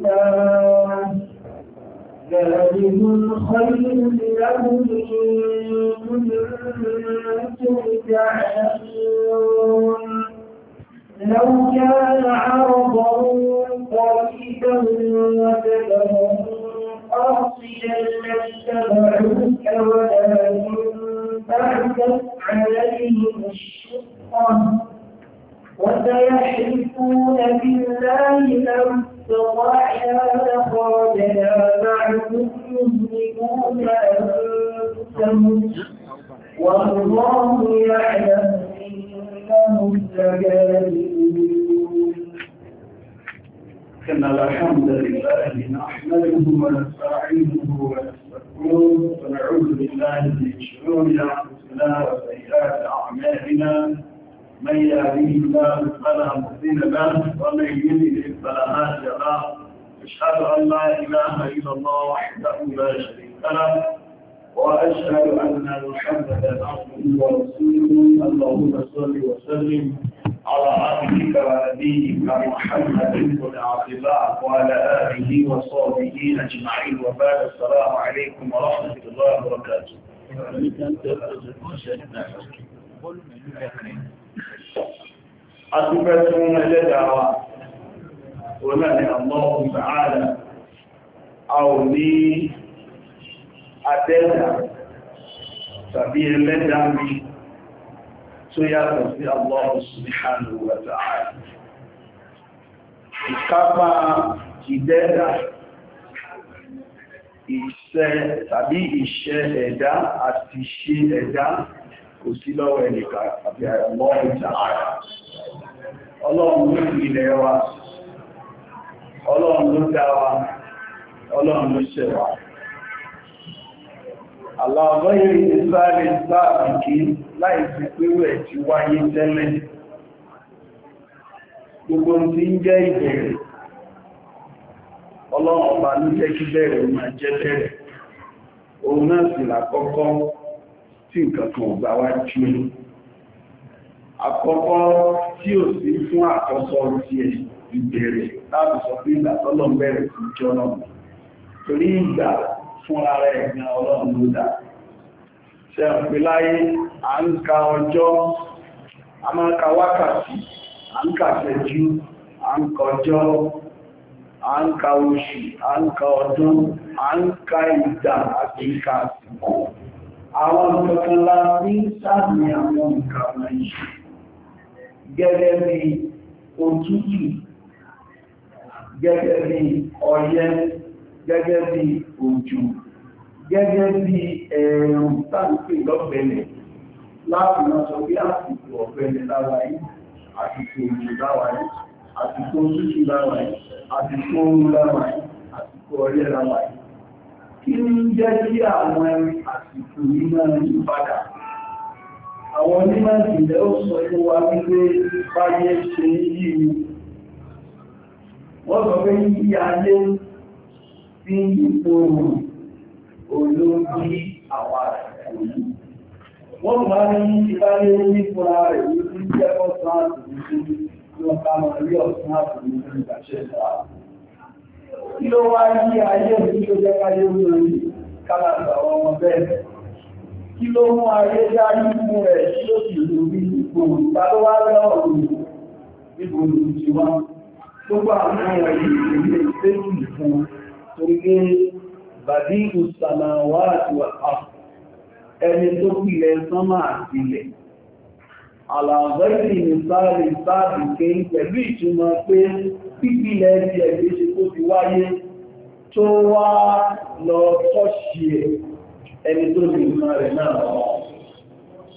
الله ذلكم خير لهم كنتم تعلمون لو كان عرضا قريبا وسببا قاصدا لاتبعوك ولكن بعدت عليهم الشقه وسيحلفون بالله لو استطعنا خالنا معهم يهلكون أنفسهم والله يعلم إنهم لكاذبون إن الحمد لله نحمده ونستعينه ونستغفره ونعوذ بالله من شرور أنفسنا وسيئات أعمالنا من يهديه الله فلا مضل له ومن يضلل فلا هادي له أشهد أن لا إله إلا الله وحده لا شريك له وأشهد أن محمدا عبده ورسوله اللهم صل وسلم على عبدك ونبيك محمد بن عبد الله وعلى آله وصحبه أجمعين وبعد السلام عليكم ورحمة الله وبركاته. a ti fẹ́ tún ẹlẹ́dàá wa òun náà ni Allahu ta'ala a ò ní adẹ́dà tàbí ẹlẹ́dàá mi tó yàtọ̀ sí Allahu ìṣẹ́ tàbí ìṣẹ́ ẹ̀dá àti ṣe ẹ̀dá kò sí lọ́wọ́ ẹnìkan àti àìmọ́ ìjà ara ọlọ́run ilẹ̀ wa ọlọ́run ló dá wa ọlọ́run ló ṣẹ̀ wa àlàbọ́ yìí ti sáré sáàbì kí láì sí ti wáyé tẹ́lẹ̀ gbogbo ń jẹ́ ìbẹ̀rẹ̀ ọlọ́run ọba jẹ́ kí bẹ̀rẹ̀ tí nǹkan kan ò gbà wá jí àkọ́kọ́ tí ò sí fún àkọ́sọ ti ẹ̀ ìbẹ̀rẹ̀ láti sọ pé ìgbà tọ́lọ̀ bẹ̀rẹ̀ sí jọ náà torí ìgbà fún ara ẹ̀gbà ọlọ́run ló dá ṣe ń pè láyé à ń ka ọjọ́ a máa ń ka wákàtí à ń ka ṣẹ́jú à ń kọjọ́ à ń ka oṣù à ń ka ọdún à ń ka ìgbà àti ìka àsìkò àwọn ìjọkànlá ní sáàmì àwọn ìkàwà yìí gẹ́gẹ́ bí òtútù gẹ́gẹ́ bí ọyẹ́ gẹ́gẹ́ bí òjò gẹ́gẹ́ bí ẹ̀rùn tàbí lọ́gbẹ̀lẹ̀ láti máa sọ bí àsìkò ọ̀gbẹ̀lẹ̀ láwáyé àsìkò òjò láwáyé àsìkò òtútù láwáyé àsìkò òun láwáyé àsìkò ọyẹ́ láwáyé kí ní jẹ́ kí àwọn àsìkò nímọ̀ ní padà àwọn onímọ̀ ìpìlẹ̀ ó sọ fún wa wípé báyé ṣe yí ni wọ́n sọ pé yí ayé sí ipò olóògbé àwọn àsìkò wọ́n mú wá ní ìbáyé nípa rẹ̀ ní tí wọ́n ọ̀sán àtìkò kí ló wá yí ayé ní tó jẹ́ káyé lórí kálàtà ọmọ bẹ́ẹ̀ kí ló mú ayé dárí mú rẹ̀ kí ló sì lórí ipò ìta ló wá rẹ̀ ọ̀rùn níbo ló ti wá gbogbo àwọn ọ̀rọ̀ yìí ilé ìgbésù nìkan torí pé bàdí ìsàmàwà àti wà ẹni tó kìlẹ̀ sánmà àlàbẹ́rì ní sáré sáàbì kéyí pẹ̀lú ìtumọ̀ pé pípìlẹ̀ ti ẹ̀gbẹ́ ṣe tó ti wáyé tó wá lọ tọ́ṣì ẹni tó lè mọ́ rẹ̀ náà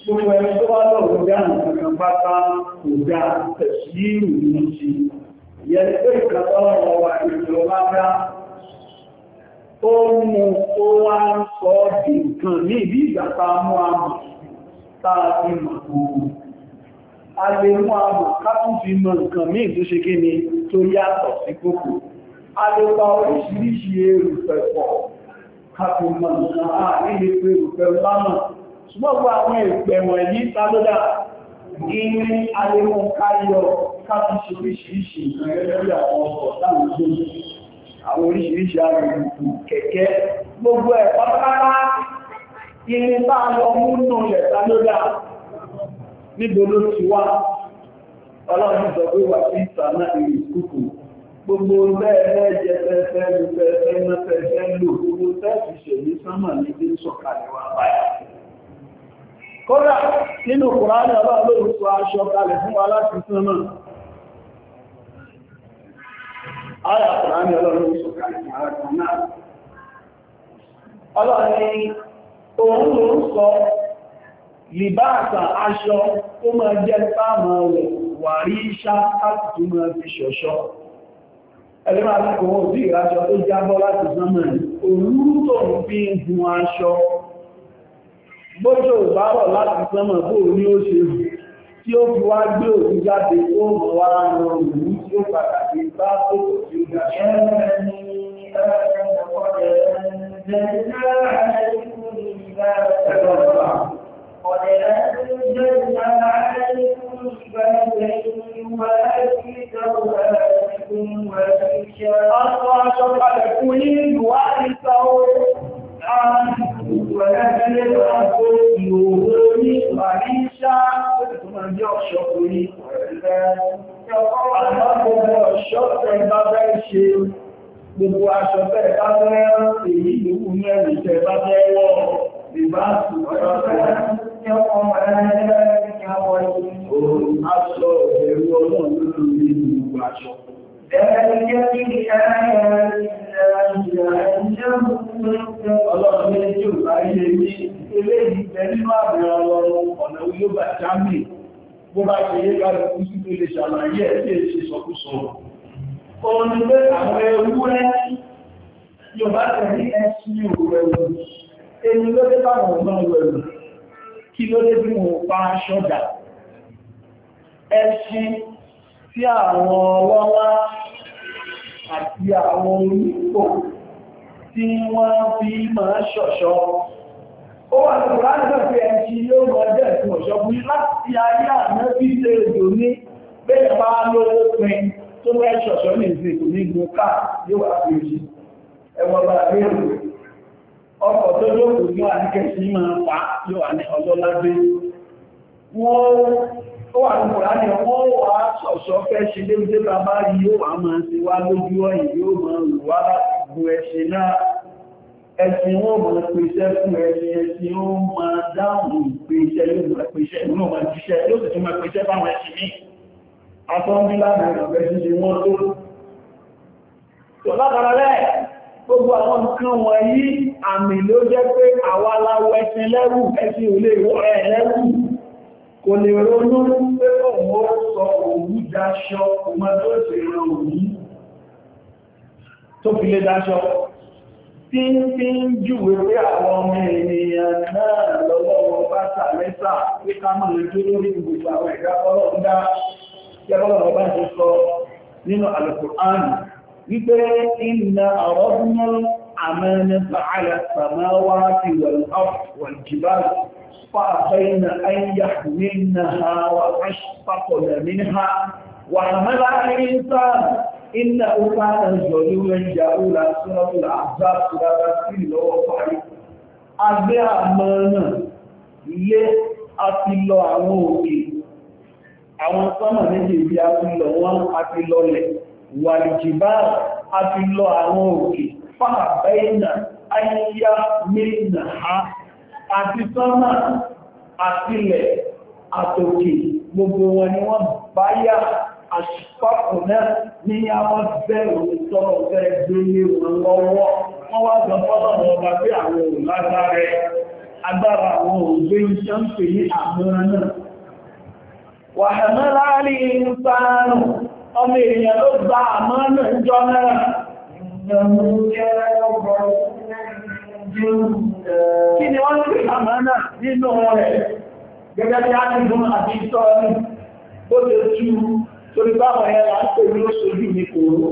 gbogbo ẹni tó wá lọ gbogbo àwọn kankan pátá kò dá tẹ̀sí ìrùn sí yẹn pé ìkàtọ́ ọ̀rọ̀ wà ìrìnlọ lábá ó tá a mú àmà tá a lè mú àmù kápùfì mọ̀ nǹkan míì tó ṣe kí ni tó yàtọ̀ sí kòkò a lè pa oríṣiríṣi erùpẹ̀ pọ̀ kápù mọ̀ nǹkan a pé erùpẹ̀ lámọ̀ ṣùgbọ́gbọ́ àwọn ìpẹ̀ wọ̀nyí tálódà ìrìn alẹ́mọ̀ káyọ kápùfì oríṣiríṣi nǹkan níbo ló ti wá ọlọ́run sọ pé wà sí ìsànà gbogbo bẹ́ẹ̀ jẹ fẹ́fẹ́ fẹ́fẹ́ mọ́ lò gbogbo tẹ́ẹ̀sì ṣèlú sánmà ní bí ń sọ̀kalẹ̀ wà báyà kódà nínú kùránì ọlọ́run sọ aṣọ kalẹ̀ fún wa láti sánmà ayà kùránì ọlọ́run sọ kalẹ̀ fún wa náà ọlọ́run sọ lìbáàtà aṣọ ó máa jẹ́ táàmà rẹ̀ wà rí iṣá láti tún máa fi ṣọ̀ṣọ́ ẹlẹ́mà tí kò wọ́n sí ìráṣọ tó jábọ́ láti sánmà ní òrùrù tó ń fi ń hun aṣọ bójò ìbárọ̀ láti sánmà bó ní ó ṣe hù tí ó fi wá gbé òkú jáde ó mọ̀ wá rọrùn ní tí ó padà sí bá tó kò sí ìgbà ẹ̀rẹ́ Gbogbo aṣọ bẹ́ẹ̀ bá fẹ́ rán èyí ìlú ní ẹ̀rù ìjẹ bá fẹ́ wọ́n. لباس الرحمن يقوم على ذلك ويقول أصله يقولون من مباشر ذلك في آيات الله لأنهم الله من يجب عليه إليه تنمى بالله ولو يبقى جامل bó bá ṣe yé káàkiri kú sí tó lè ṣàlàyé ẹ̀ tí è ṣe sọkúsọ. Òun ni pé àwọn ewúrẹ́ yóò bá tẹ̀lé ẹ̀ṣin òwúrẹ́ wọn ẹni ló dé báwọn ọ̀gbọ́n wẹ̀rù kí ló dé bí wọn pa ṣọ́dà ẹṣin tí àwọn ọlọ́lá àti àwọn onípò tí wọ́n fi máa ṣọ̀ṣọ́ ó wà ní ìrànlọ́pẹ́ ẹṣin yóò mọ̀ ọjọ́ ìsìn ọ̀ṣọ́ fún láti ayé àná bí ṣe èdò ní bẹ́ẹ̀ bá lówó pin tó mẹ́ ṣọ̀ṣọ́ ní ìsìn ìkò ní gun káà yóò wà fi ẹṣin ẹwọ́n bá rí èrò ọkọ̀ tó lókùn yóò àníkẹ́ sí máa pa yóò àní ọlọ́ládé wọ́n ó wà ní kòránì wọ́n wà sọ̀sọ́ fẹ́ ṣe dédé bàbá yóò wà máa ti wá lójú ọ̀yìn yóò máa lù wá gbọ́ ẹ̀ṣẹ̀ náà ẹ̀sìn wọ́n máa pèsè fún ẹ̀sìn ẹ̀sìn ó máa dáhùn pèsè ló máa pèsè ìrúnà máa jíṣẹ́ yóò sì tún máa pèsè fáwọn ẹ̀sìn ní atọ́ńdílànà ìrọ̀bẹ̀ ṣíṣe wọ́n tó. tọ́lá gbogbo àwọn nǹkan wọ̀nyí àmì ló jẹ́ pé àwa aláwọ̀ ẹ̀sìn lẹ́rù ẹ̀sìn ò lè rọ ẹ̀ lẹ́rù kò lè ronú pé òun ó sọ òun dáṣọ ọmọ tó ṣe ràn òun tó fi lé dáṣọ tí ń fi ń júwe pé àwọn ọmọ ènìyàn náà lọ́wọ́ wọn bá sàlẹ́sà pé ká máa jó lórí gbogbo àwọn ẹ̀dá ọlọ́run dá kí ọlọ́run bá ti sọ nínú Al-Qur'an wípé iná ọ̀rọ̀dúnmọ́ àmẹ́nẹ́fà alẹ́sàmáwá ti wàlùjìbáàlù fàfẹ́nà ayyà nínà wa aṣpàkọ̀lẹ̀ nínà wà mẹ́lá ìrìnsán iná ọkà ẹ̀zọ̀lú ẹ̀yà ọlá sọ́rọ̀lá àzásùrára sí lọ́wọ́ parí agbé àmọ́nà wàlìjìbá àti lọ àwọn òkè fàbẹ́ìnà ayíyá mẹ́ìnà ha àti sọ́nà àtìlẹ̀ àtòkè gbogbo wọn ni wọ́n báyà àṣìpapọ̀ náà ní àwọn bẹ̀rù sọ́rọ̀ fẹ́ gbélé wọn lọ́wọ́ wọ́n wá sọ láàrin ìrìnsáàrùn ọmọ èèyàn ló gba àmánà ìjọ náà kí ni wọ́n pè àmánà nínú rẹ̀ gẹ́gẹ́ bí ákùnkùn àti ìtọ́ ní bó lè tú torí báwọn ẹ̀rà ń pè ní ní kòrò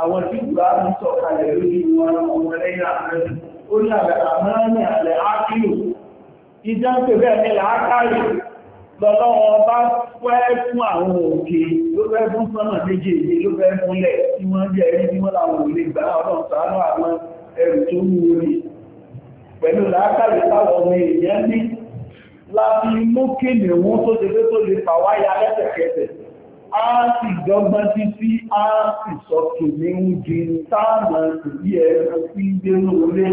àwọn tí ìgbà ń sọ̀kalẹ̀ lórí wọn ọmọ lẹ́yìn àárẹ̀ ó ìjọ́ lọ́lọ́wọ́ bá fẹ́ fún àwọn òkè ló fẹ́ fún sánà méjèèjì ló fẹ́ fúnlẹ̀ tí wọ́n jẹ́ rí tí wọ́n láwọn òlè gbà ọlọ́run ṣàánú àwọn ẹrù tó wú orí pẹ̀lú làákàlẹ̀ táwọn ọmọ èèyàn ní láti mú kéèmì wọn tó ṣe pé tó lè fà wáyà lẹ́sẹ̀kẹsẹ̀ á sì dọ́gbọ́n títí á sì sọ̀tò ní oúnjẹ táàmù bí ẹ̀rọ sí dénú orí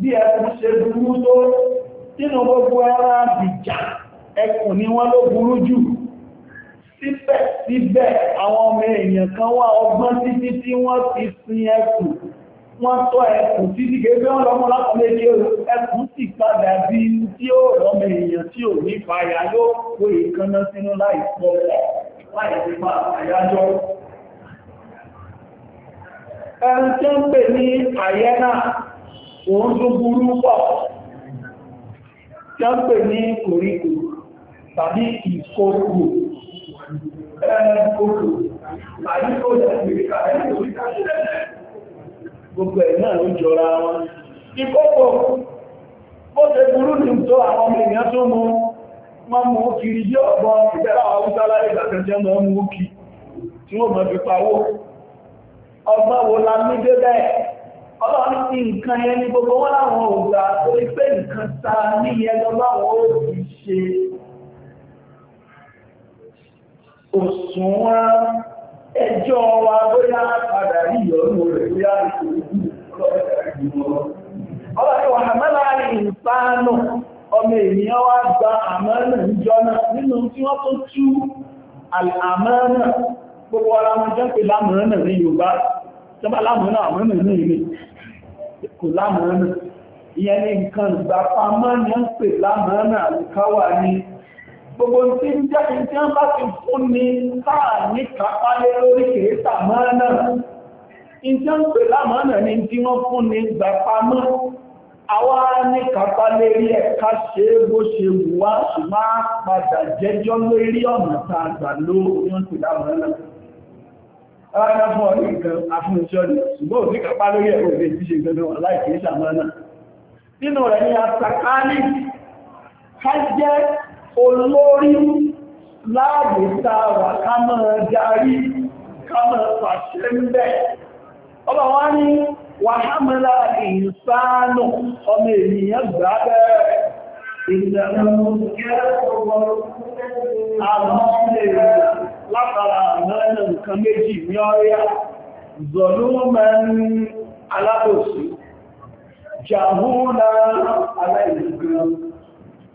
bí ẹ̀rọ ṣe burú tó nínú gbogbo ara bìjà ẹkùn ni wọ́n ló burú jù síbẹ̀síbẹ̀ àwọn ọmọ èèyàn kan wá ọgbọ́n títí tí wọ́n ti sin ẹkùn wọ́n tọ́ ẹkùn títí gẹ́gẹ́ wọ́n lọ́mọ látọ̀lé kí ẹkùn sì padà bí tí ó rọmọ èèyàn tí ò ní fàyà yóò kó ìkanná sínú láìpọ̀ láìpọ̀ àyájọ́ ẹni tí ń pè ní àyẹ́nà òun tó burú pọ̀ tàbí ìkòkò ẹ̀kòkò tàbí kò gbogbo ẹ̀ náà ló jọra wọn ìkòkò ó ṣe burú ní tó àwọn ọmọ ènìyàn tó mú wọ́n mú kiri yí ọ̀bọ̀ ìbẹ̀rẹ̀ àwọn ọmọdé ìgbàkẹ̀jẹ́ mọ́ mú kí tí wọ́n mọ̀ fi pawó ọgbọ́n wo la ní débẹ̀ ọlọ́run ti nǹkan yẹn ní gbogbo wọn láwọn òògbà tó ń pè nǹkan ta níyẹn lọ láwọn ó fi ṣe òṣùnwọ́n ẹjọ́ wa bóyá padà rí ọrụ rẹ̀ bóyá ọmọ ènìyàn wá gba àmọ́nà ìjọna nínú tí wọ́n tó tú àmọ́nà gbogbo ara wọn jẹ́ pé lámọ́nà ní Yorùbá tọ́bá lámọ́nà àmọ́nà ní ilé kò lámọ́nà ìyẹn ní nǹkan ìgbàpamọ́ ní ń pè lámọ́nà ní gbogbo tí ń jẹ́ kí tí bá ti fún ni táà ní kápálé lórí kèéta máa náà ìjọ ń pè láàmà náà ni tí wọ́n fún ni gbà pamọ́ àwa ní kápá lérí ẹ̀ka ṣe é bó ṣe wù wá sì máa padà jẹ́jọ́ lórí ọ̀nà tá a gbà ló ìjọ ń pè láàmà náà alága fún ti ṣe olórí láàbò tààrà ká máa darí ká máa pàṣẹ ń bẹ̀ ọba wá ní wàhámẹ́lá ìsánù ọmọ ènìyàn gbà bẹ́ẹ̀ ìdàmú àwọn èrò látara àmẹ́rin nǹkan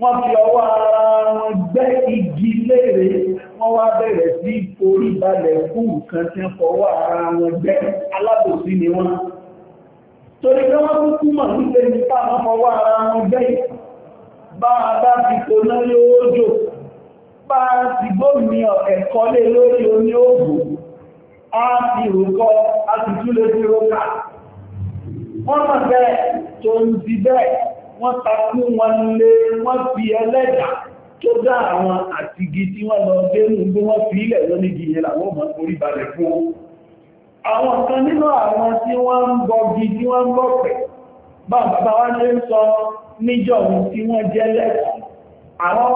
wọ́n fi ọwọ́ ara wọn gbẹ́ igi léèrè wọ́n wá bẹ̀rẹ̀ sí orí balẹ̀ fún nǹkan tí wọ́n fọwọ́ ara wọn gbẹ́ alábòsí ni wọ́n torí pé wọ́n tún túmọ̀ nípe nípa wọn fọwọ́ ara wọn gbẹ́ bá a bá ti koná lówó jò bá a ti gbómi ẹ̀kọ́ lé lórí oní òògùn a ti rúkọ a ti túlé sí rókà wọ́n mọ̀ bẹ́ẹ̀ tó ń ti bẹ́ẹ̀ wọ́n takú wọn lé wọ́n fi ẹlẹ́dà tó dá àwọn àtìgì tí wọ́n lọ gbénú gbé wọ́n fi ilẹ̀ lọ ní gìyẹ làwọn mọ̀ orí balẹ̀ fún àwọn kan nínú àwọn tí wọ́n ń bọgi tí wọ́n ń bọ̀pẹ̀ bá bàbá wá ṣe ń sọ níjọ́ tí wọ́n jẹ́ lẹ́kọ̀ọ́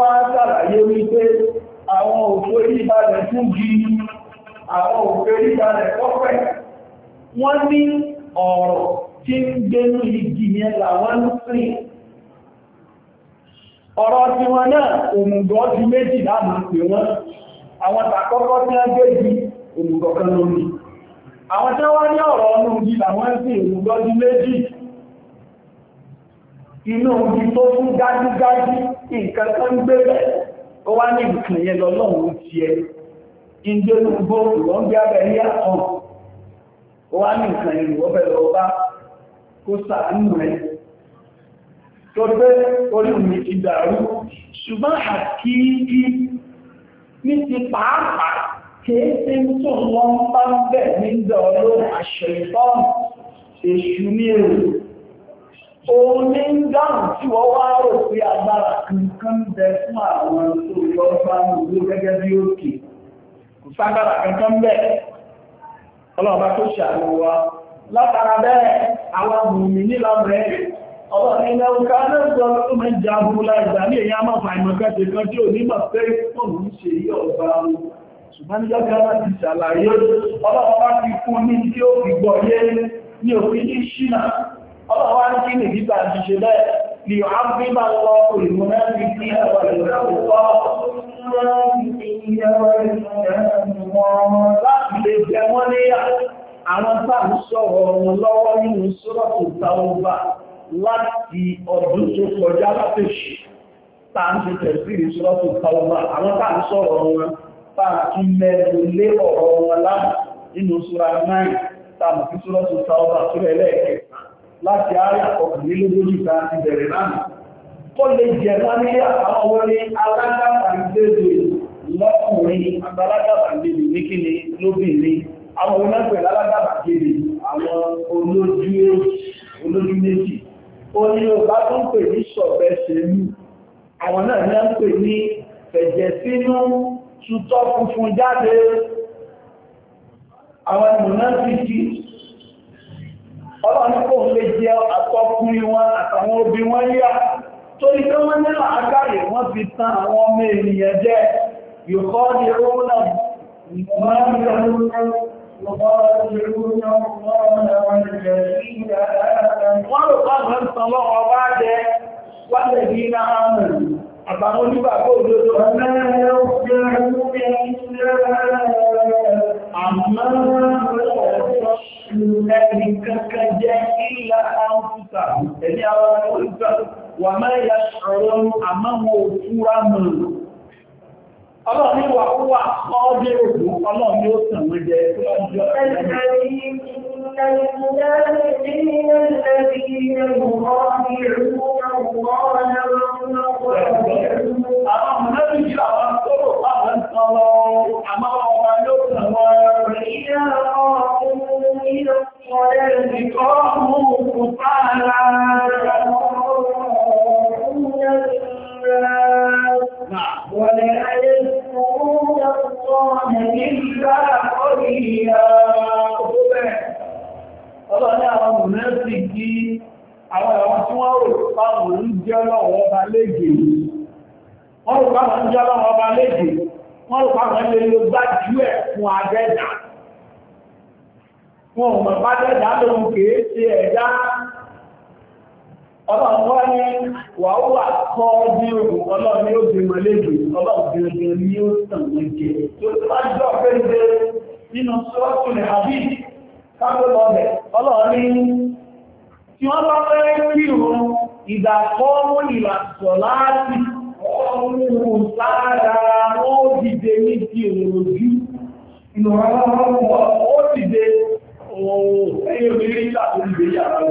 tí ń gbénú igi yẹn làwọn ń sìn ọ̀rọ̀ tí wọn náà òmùgọ̀ ti méjì láàmù pè wọ́n àwọn tàkọ́kọ́ tí a gbé di òmùgọ̀ kan lórí àwọn tí ní ọ̀rọ̀ ọ̀nà òjì làwọn sí òmùgọ̀ ti méjì inú òjì tó fún dájúdájú nǹkan tó ń ó wá ní tó gbé orí mi ti dàrú ṣùgbọ́n àkíkí ní ti pàápàá kìí tí ń tó wọ́n bá ń bẹ̀ nígbà olóòrùn àṣẹ ìfọ́n èṣù ní èrò òun ní ń dáhùn tí wọ́n wá rò pé agbára kankan bẹ fún àwọn tó yọ bá ń wó gẹ́gẹ́ bí òkè kò ságbára kankan bẹ̀ ọlọ́ọ̀bá tó ṣàlùwọ́ látara bẹ́ẹ̀ àwọn mùmí nílọ́rẹ̀ẹ́ ọlọ́rin ilẹ̀ òkà náà sọ tó mẹ́ jà búrúlá ìgbà ní èyàn máa fàìmọ̀ kẹ́sẹ̀ kan tí ò ní mọ̀ pé òun ń ṣe yí ọ̀gbà ohun ṣùgbọ́n ní jọ́gá láti ṣàlàyé ọlọ́run bá ti fún ní tí ó fi gbọ́ yé ní òfin ní ṣínà ọlọ́run wá ní kí nìdí bá ti ṣe bẹ́ẹ̀ ni ọ̀há bí bá lọ òyìnbó náà ti fi ẹwà ìrọ̀lọ́pọ̀ láti lè jẹ wọ́n níyà àwọn táà ń sọ̀rọ̀ wọn lọ́wọ́ nínú sọ́rọ̀ tó ta ó bá láti ọdún tó kọjá látẹ̀ṣì tá ń ṣe tẹ̀síri sọ́tù kọlọ́mà àwọn tá ń sọ̀rọ̀ wọn tá tún mẹ́rin lé ọ̀rọ̀ wọn láti nínú súra 9 tá mọ̀ sí sọ́tù kọlọ́mà tó rẹ̀lẹ́ẹ̀kẹ́ láti àárín àkọkùnlélógójì tá ti bẹ̀rẹ̀ lánàá kọ́ lè jẹ láti àwọn wọlé alágbàtàndéèrè lọ́kùnrin agbálágbàtàndéèrè ní kíni lóbìnrin àwọn onágbẹ̀lágbàtàndéèrè àwọn olójú méjì ó ní ọba tó ń pè ní ṣọ̀bẹ ṣèlú àwọn náà ní ń pè ní fẹ̀jẹ̀ sínú tutọ́ funfun jáde àwọn ìmọ̀nà ti di ọlọ́run kò lè jẹ àtọkùnrin wọn àtàwọn òbí wọn yá torí pé wọ́n nílò agbáyé wọ́n fi tàn àwọn ọmọ ènìyàn jẹ yòókọ́ ní owó náà يخادعون الله والذين آمنوا ورقا الله بعد والذين آمنوا àtàwọn onígbàgbọ́ òdodo ẹni kankan jẹ́ ìlà áwùsà ẹni àwọn olùgbà wà mẹ́yà ṣọ̀rọ̀ àmáwọn òfúra Ọlọ́run ní wà ó wà ọdẹ òkú, ọlọ́run ní ó tàn wọ́n jẹ ọjọ́ Àwọn mọ̀lẹ́bí jìlá wọn tó rò pàwọn sọ lọ, àmọ́ ọmọ yóò tàn wọ́n rí ìyá ọmọ ìlú ọ̀rẹ́ ìkọ́ mú kùtàrà. ولا يذكرون الله إلا قليلا Ọlọ́run àwọn wọ́n jẹ́ ọlọ́run wọ́n ní wàá wà kọ́ bí ogun ọlọ́run yóò bí wọn lébi ọlọ́run bí ogun ni yóò tàn wọn jẹ tó bá jọ pé ń gbé nínú sọ́ọ̀tù ní àbí kápẹ́ lọ́bẹ̀ ọlọ́run ní tí wọ́n bá fẹ́ kí òun ìdàkọ́ ìlàsọ̀ láti ọ̀rùn sára ó dìde ní ti òòjú ìnàwó ó dìde òun ẹ̀yìn obìnrin láti ìgbéyàwó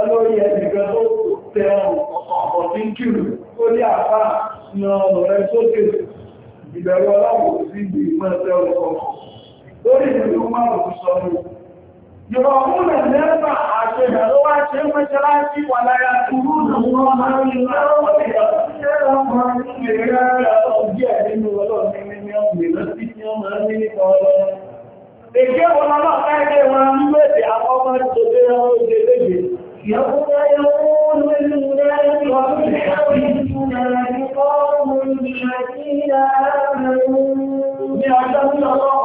lórí ẹnìkan tó tẹ ọ̀pọ̀ tí ń kìrù ó ní àpá na ọ̀rẹ́ sókè ìbẹ̀rù ọlọ́pù sí ibi ìpínlẹ̀ ọkọ̀ lórí ìlú márùn-ún sọ mú yọ̀rọ̀ fún ẹ̀lẹ́gbà àṣẹ ìrọ̀lọ́wà ṣe ń mẹ́ṣẹ́ láti wà láyá kúrú lọ́wọ́ máa ń lọ́wọ́ ìrọ̀lọ́wọ́ ìrọ̀lọ́wọ́ ìrọ̀lọ́wọ́ ìrọ̀lọ́wọ́ ìrọ̀lọ́wọ́ ìrọ̀lọ́wọ́ يوم يقول الناس رب حبيبنا لقوم الذين آمنوا يعلم الله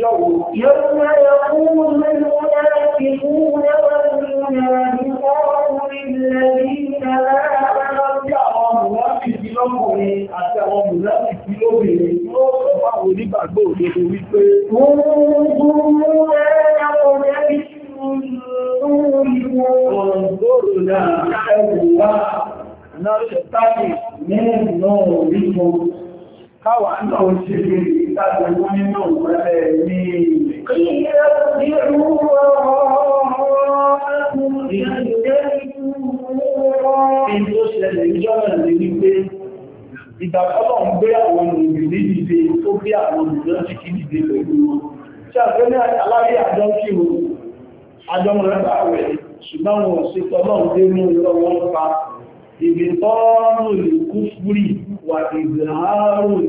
يوم يقول المنافقون والمنافقات للذين آمنوا Báwa náà ṣe lè ìtàgbẹ̀ fún nínú ìpẹ́lẹ̀ ní ilẹ̀. Kí ẹ̀rù Ìgbàkọ́lọ̀ ń gbé àwọn olùgbìlì dìde tó gbé àwọn olùgbìlì kí dìde pẹ̀lú wọn. Ṣé àgbẹ́ ní alárí àjọ kí o, àjọ mọ̀rẹ́ bá rẹ̀, ṣùgbọ́n wọn ò sí wà ìzìláàrùn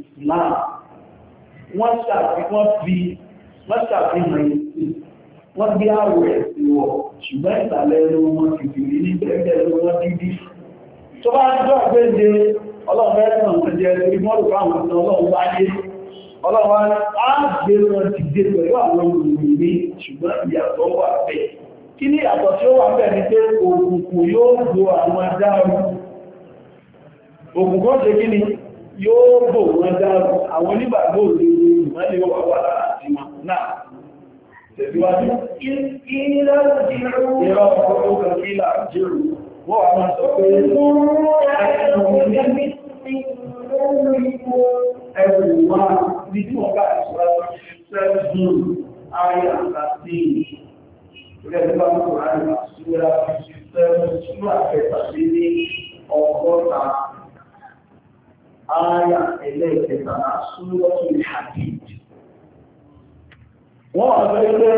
Islam wọ́n ṣàfihàn fi wọ́n ṣàfihàn ìsì wọ́n gbé àwọ̀ ẹ̀sì wọ̀ ṣùgbọ́n ìsàlẹ̀ ẹnu wọn kìkìrì ní bẹ́ẹ̀ ló wọ́n dídí tó bá ń jọ pé ṣe ọlọ́ọ̀fẹ́rẹ́sàn wọn jẹ́ torí mọ́rù fáwọn ọ̀sán ọlọ́run wáyé ọlọ́run á gbé wọn ti dé pẹ̀lú àwọn olùrìn ní ṣùgbọ́n ìyàtọ̀ wà bẹ́ẹ̀ kí ní àtọ̀ tí ó wà bẹ́ẹ̀ ni pé òkùnkùn yóò gbo àwọn adáhùn òkùn kọ́ ṣe kí ni yóò bò wọ́n dáàbò àwọn onígbàgbọ́ òdòdó ìmọ́lẹ̀ wà wà láti wọn náà tẹ̀síwájú ìrọ̀ ọ̀pọ̀ kan kí là jẹ́rù wọ́n wà máa sọ pé ẹ̀rù máa ní tí wọ́n Aya ẹlẹ́ẹ̀kẹta súnlọ́tù Hadid. Wọ́n àbẹ́gbẹ́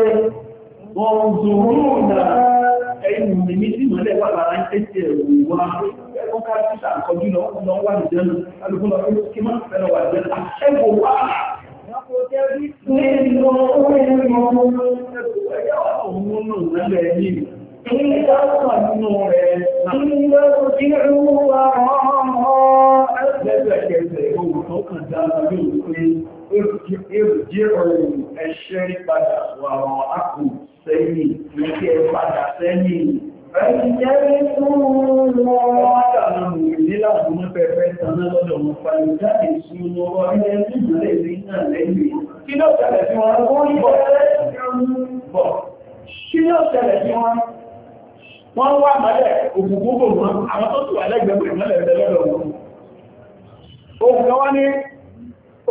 wọn zòrò náà ẹ̀yìn mímí sí mọ́lẹ̀ wà lára ń tẹ́tẹ̀ ẹ̀wọ̀ wá. Ẹgbọ́n ká sí sàkọjú lọ, ọ̀nà wà ní jẹ́nu, alùpùpù lọ fún kí máa fẹ́rẹ̀ wà jẹ́ ẹgbọ̀ wá. Nínú orí mọ́ ẹgbọ̀ ẹ̀yà wà òun náà lẹ́yìn. قيل صنوا قيل ارجعوا وراء فذكروا فقدروا ارجعوا الشيء وراءكم sẹ́yìn ní kí ẹ padà sẹ́yìn ẹ̀yẹ́ fún wọn tàbí nílá fún pẹ̀pẹ́ tàná lọ́dọ̀ wọn pàdé jáde sí ọwọ́ ilẹ̀ nínú lè rí náà lẹ́yìn kí ló tẹ̀lẹ̀ sí wọn ó ń bọ̀ kí ló tẹ̀lẹ̀ sí wọn wọ́n wá mọ́lẹ̀ òkùnkùn kò mọ́ àwọn tó tù alẹ́gbẹ̀ẹ́ mọ́lẹ̀ tẹ́lẹ̀lọ́ ohun kan wá ní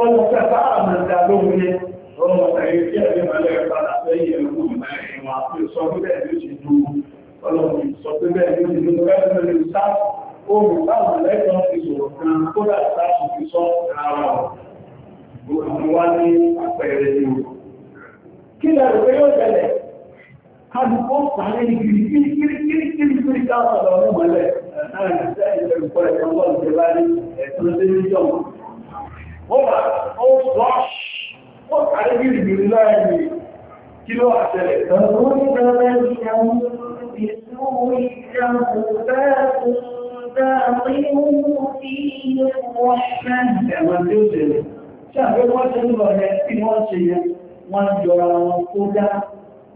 ohun kẹta àmàdà lóhun ní ọmọ ẹ̀yẹ tí ẹ̀yẹ mọ́lẹ̀ padà lẹ́yìn ẹ̀kú mẹ́rin wọn àti sọ pé bẹ́ẹ̀ ló ti dùn ọlọ́run sọ pé bẹ́ẹ̀ ló ti dùn bẹ́ẹ̀ ló Kí lẹ́rù pé yóò tẹ̀lẹ̀? kálukó sáré ní kiri kiri kiri kiri kiri kiri káàkiri ọmọ mọ́lẹ̀ náà ní sẹ́yìn ìrìnkọ́ ẹ̀kọ́ ọlọ́run jẹ bá ní ẹ̀tún sí ní jọ wọ́n wà ó rush ó sáré kiri kiri náà ní kí ló wà ṣẹlẹ̀ Ṣé àgbẹ́gbọ́n ṣe ń lọ ẹ̀ tí wọ́n ṣe yẹ, wọ́n jọra wọn kó dá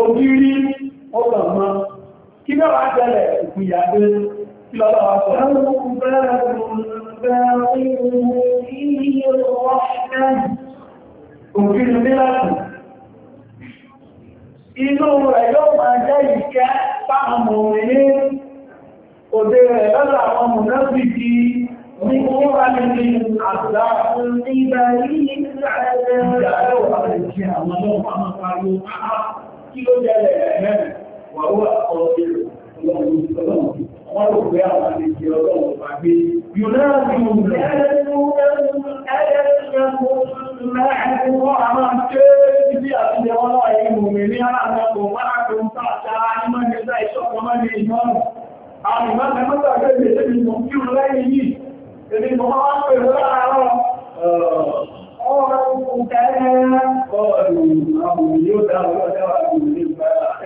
ògiri ọgbọ̀n mọ́ kí náà wá jẹ́lẹ̀ ìpìyà pé kí lọ́lọ́ wá sọ ògiri níláàtù inú rẹ̀ yóò máa jẹ́ ìkẹ́ fáàmù ní òde rẹ̀ lọ́lọ́ àwọn mùnásì ti ní kíwà ní àgbà ìbàrí ìgbà ẹgbẹ̀rẹ̀ àwọn ọmọ àwọn ọmọ kí ló jẹ́lẹ̀ ẹ̀mẹ́ wà ó àkọsí wọ́n ló pé àwọn àlejò ọlọ́run bá gbé yóò náà ní òun Àwọn ìmọ́ta mọ́ta gẹ́gẹ́ ìṣẹ́bí mọ̀ kí o lẹ́yìn yìí, èdè mọ̀ máa ń pẹ̀lú láàárọ̀ قالوا بلى قالوا أو يدعى ودعى بالباء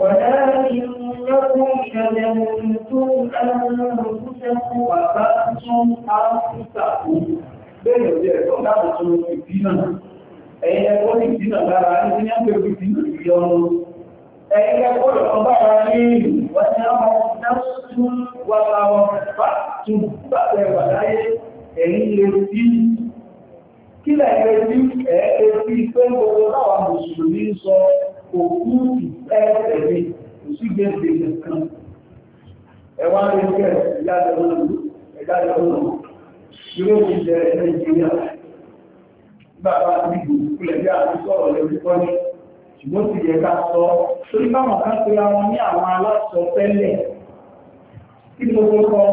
ولكنكم شدمتم أنفسكم وبأتم أنفسكم bẹ́ẹ̀ ọjọ́ ẹ̀kọ́ láti tún ìdínà ẹ̀yìn ẹ̀kọ́ ní ìdínà lára ní ní àpẹẹrẹ ìdínà ìyọnu ẹ̀yìn ẹ̀kọ́ lọ́kọ́ bára ní ìlú wọ́n ni a máa ń dáṣún wà láwọn fàtún bàtẹ̀ wà láyé ẹ̀yìn retí kílẹ̀ retí ẹ̀ retí pé gbogbo láwa mùsùlùmí ń sọ òkú ìfẹ́ ẹ̀mí òsígbé gbèsè kan ẹ̀wá ń retí ẹ̀ ẹ̀dá lọ́nà ẹ̀dá lọ́nà yóò fi jẹ nàìjíríà bàbá mi gbòkúlẹ̀ bí àti sọ̀rọ̀ lórí kọ́ni ṣùgbọ́n ti yẹ ká sọ torí báwọn kan pé àwọn ní àwọn aláṣọ tẹ́lẹ̀ kí gbogbo kọ́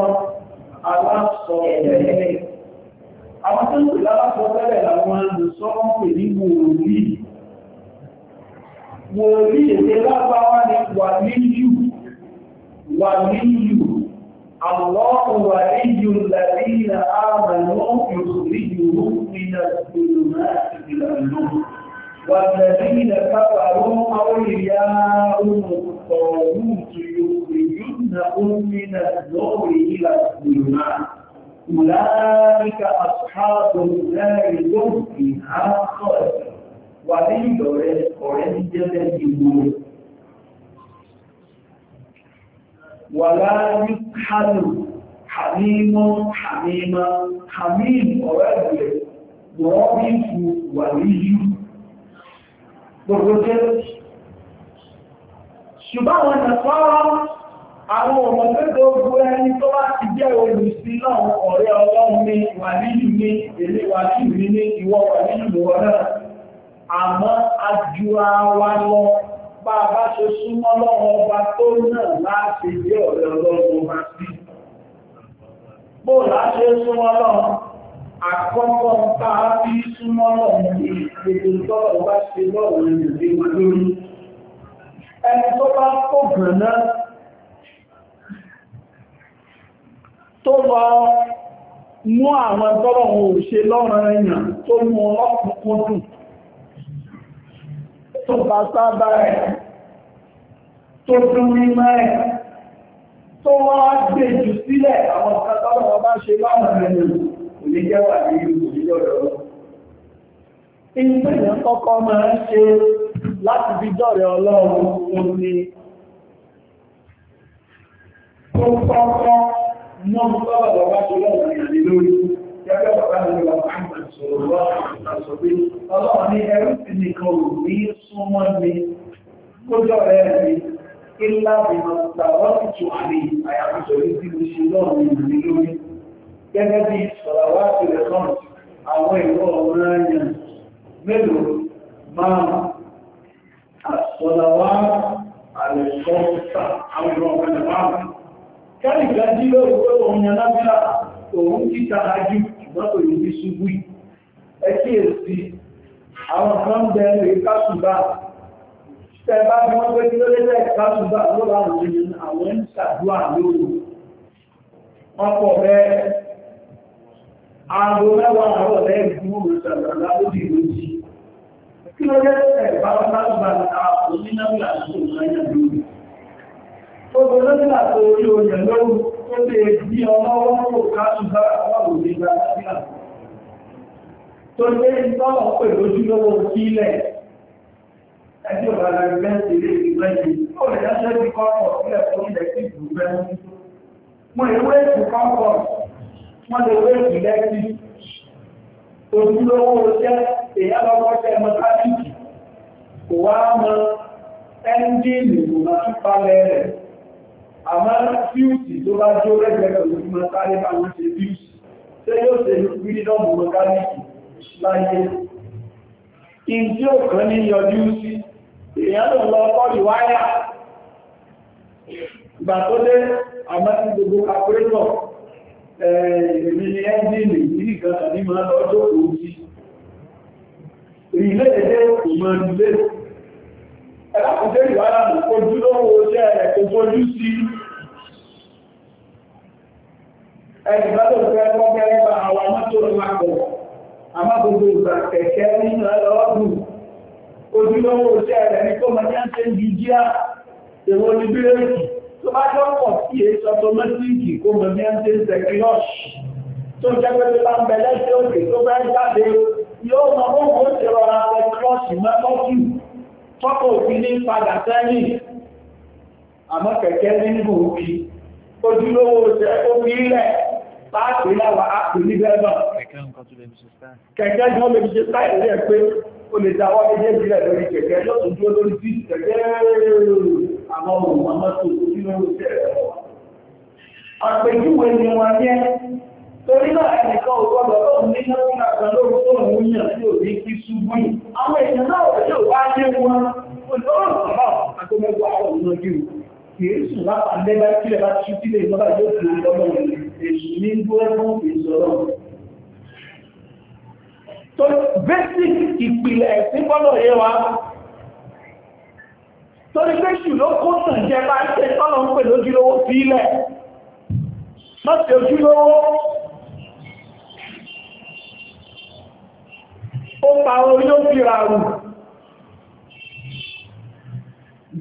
aláṣọ tẹ́lẹ̀ àwọn tó ń pè lálápọ̀ tẹ́lẹ̀ làwọn olùsọ́rọ̀ pè ní wòlíì wòlíì èdè lágbàwá ni wà níyù wà níyù àlọ́rùn wà níyù lẹ́rìnà àmàlọ́ yòrìyòrò nínà gbòlùmá ìgbìlànà wà lẹ́rìnà kápàrọ̀ àwòrìyá olùsọ̀rọ̀ أولئك أصحاب النار هم فيها خالدون ومن دورة أورنجة الجمهور ولا يكحل حميم حميما حميم أورنجة ورابط ولي gbogbo jẹ́ ṣùgbọ́n àwọn ìnàfọ́rọ̀ àwọn ọmọ pẹ́pẹ́ ogun ẹni tó bá ti jẹ́ olùsí náà ọ̀rẹ́ ọlọ́run ní wà nílùú ní èlé wà nílùú ní ìwọ wà nílùú náà àmọ́ ajúra wa lọ bá a bá ṣe súnmọ́ lọ́wọ́ ọba tó náà láti jẹ́ ọ̀rẹ́ ọlọ́run ọba sí bó láti súnmọ́ lọ́wọ́ àkọ́kọ́ a bí súnmọ́ lọ́wọ́ ní ètò tọ́lọ̀ wá ṣe lọ́wọ́ ẹni tó bá kó tó lọ mú àwọn tọ́rọ ohun òṣè lọ́rọ̀ èèyàn tó mú ọlọ́pùpùpù tó bá sábà ẹ̀ tó dún mímọ́ ẹ̀ tó wá gbèjù sílẹ̀ àwọn tọ́rọ ọba ṣe lọ́rọ̀ èèyàn kò ní jẹ́ wà ní ìlú ìpínlẹ̀ kọ́kọ́ máa ń ṣe láti bí Wọ́n sọ́rọ̀ lọ́wọ́ tó lọ́wọ́ ìrìnlẹ̀ lórí. Gẹ́gẹ́ bàbá ni wọ́n máa ń pẹ̀ sọ̀rọ̀ lọ́wọ́ àṣọ pé ọlọ́wọ́ ní ẹrú ti nìkan ò ní súnmọ́ mi. Kójọ́ rẹ̀ rí ilá ìmọ̀ tàwọn ìtò àrí àyàkùsọ̀ rí tí mo ṣe lọ́wọ́ ìrìnlẹ̀ lórí. Gẹ́gẹ́ bí sọ̀rọ̀ wá ti rẹ̀ kan àwọn ìwọ̀ ọ̀rọ̀ ayàn mélòó máa àṣọ̀lọ́wọ́ àlẹ́kọ̀ọ́ta àwọn ọ̀rọ̀ káríkà jí lórí pé òun yẹn lábílá òun kíta ajú ṣùgbọ́n òun ní ṣubú ẹ kí èsì àwọn kan bẹ̀rẹ̀ kásùbà tẹ́bá bí wọ́n pé kí ló lẹ́lẹ́ kásùbà ló bá wù ní àwọn ń ṣàdúrà lóru wọ́n pọ̀ bẹ́ẹ̀ aago mẹ́wàá àárọ̀ lẹ́gbùn òun ṣàdúrà lórí ìròjì kí ló lẹ́lẹ́ kásùbà àwọn onínáwó àti òun náà yà lóru Ogbò lọ́dílà tó orí oyè lóòrùn tó lè bí ọmọ ọmọ káàkiri bá àwọn òdígbà láti náà. Tó lé ìtọ́nà pè lójú lọ́wọ́ sí ilẹ̀. Ẹjọ́ bá lágbẹ́ sí ilé ìgbẹ́jì. Ó lè dáṣẹ́ bí kọ́kọ̀ sílẹ̀ tó ilẹ̀ sí ìgbùgbẹ́ mú. Mo ìwé ìtù kọ́kọ̀, wọ́n lè wé ìlẹ́ sí. Ojúlówó jẹ́ èyá lọ́wọ́ jẹ́ mọ́tálìkì. Kò wá mọ ẹ́ńdínì kò máa ń palẹ̀ rẹ̀ àmọ́ fíùtì tó bá jó rẹ̀gbẹ̀rẹ̀ òun mọ́ sáré bá wọ́n ṣe fíùtì tẹ́ yóò ṣe fírídọ́mù mọ́kánìkì láyé in tí ó kàn ní yọjú sí èèyàn lọ lọ kọ́lì wáyà ìgbà tó dé àmọ́ sí gbogbo àpérẹ́tọ̀ èmi ni ẹ́ńdínì yìí kan tàbí máa lọ́jọ́ òjì ìrìnlẹ̀ èdè kò mọ̀ nílé ẹ̀lákùnjẹ́ ìwárà kò jùlọ owó jẹ́ ẹ̀kọ́ fojú sí ẹni bá tó fẹ́ kọ́ fẹ́ bá àwọn mọ́tò ńlá pọ̀ àmọ́ gbogbo ìgbà kẹ̀kẹ́ nínú ẹ̀rọ ọdún ojúlówó iṣẹ́ rẹ̀ ní kó máa ń ṣe ń ju jíà èwo ní bírèkì tó bá jọ pọ̀ sí èso tòmátìkì kó máa ń ṣe ń ṣe kílọ̀ṣì tó jẹ́ pé tó bá ń bẹ̀lẹ́ sí òkè tó fẹ́ jáde yóò mọ gbogbo ó ti rọra ṣe kílọ̀ṣì mẹ́tọ́kì tọ́kọ̀ òfin ní padà sẹ́yìn àmọ́ kẹ̀kẹ́ nínú òbí ojúlówó iṣẹ́ ó fi rẹ̀ Páàkì láwà ápù ní Bẹ́ẹ̀bà. Kẹ̀kẹ́ nǹkan tó lè fi ṣe ẹ̀ pé ó lè dáwọ́ ẹgbẹ́ ìbílẹ̀ lórí kẹ̀kẹ́ yóò tún dúró kẹ̀kẹ́ àwọn ohun àmọ́tò tí wọ́n ń yàn tí kìí sùn lápá lẹ́gbẹ́ kílẹ̀ bá ṣú kílẹ̀ ìjọba yóò fi ọlọ́run èṣù ní gbọ́ẹ̀fún ìṣọ́rọ̀ tó basic ìpìlẹ̀ sí bọ́lọ̀ yẹ wa torí pẹ́ṣù ló kó sàn jẹ bá ṣe tọ́lọ̀ ń pè lójúlówó sílẹ̀ lọ́sẹ̀ ojúlówó ó pa orí ó fi ràrù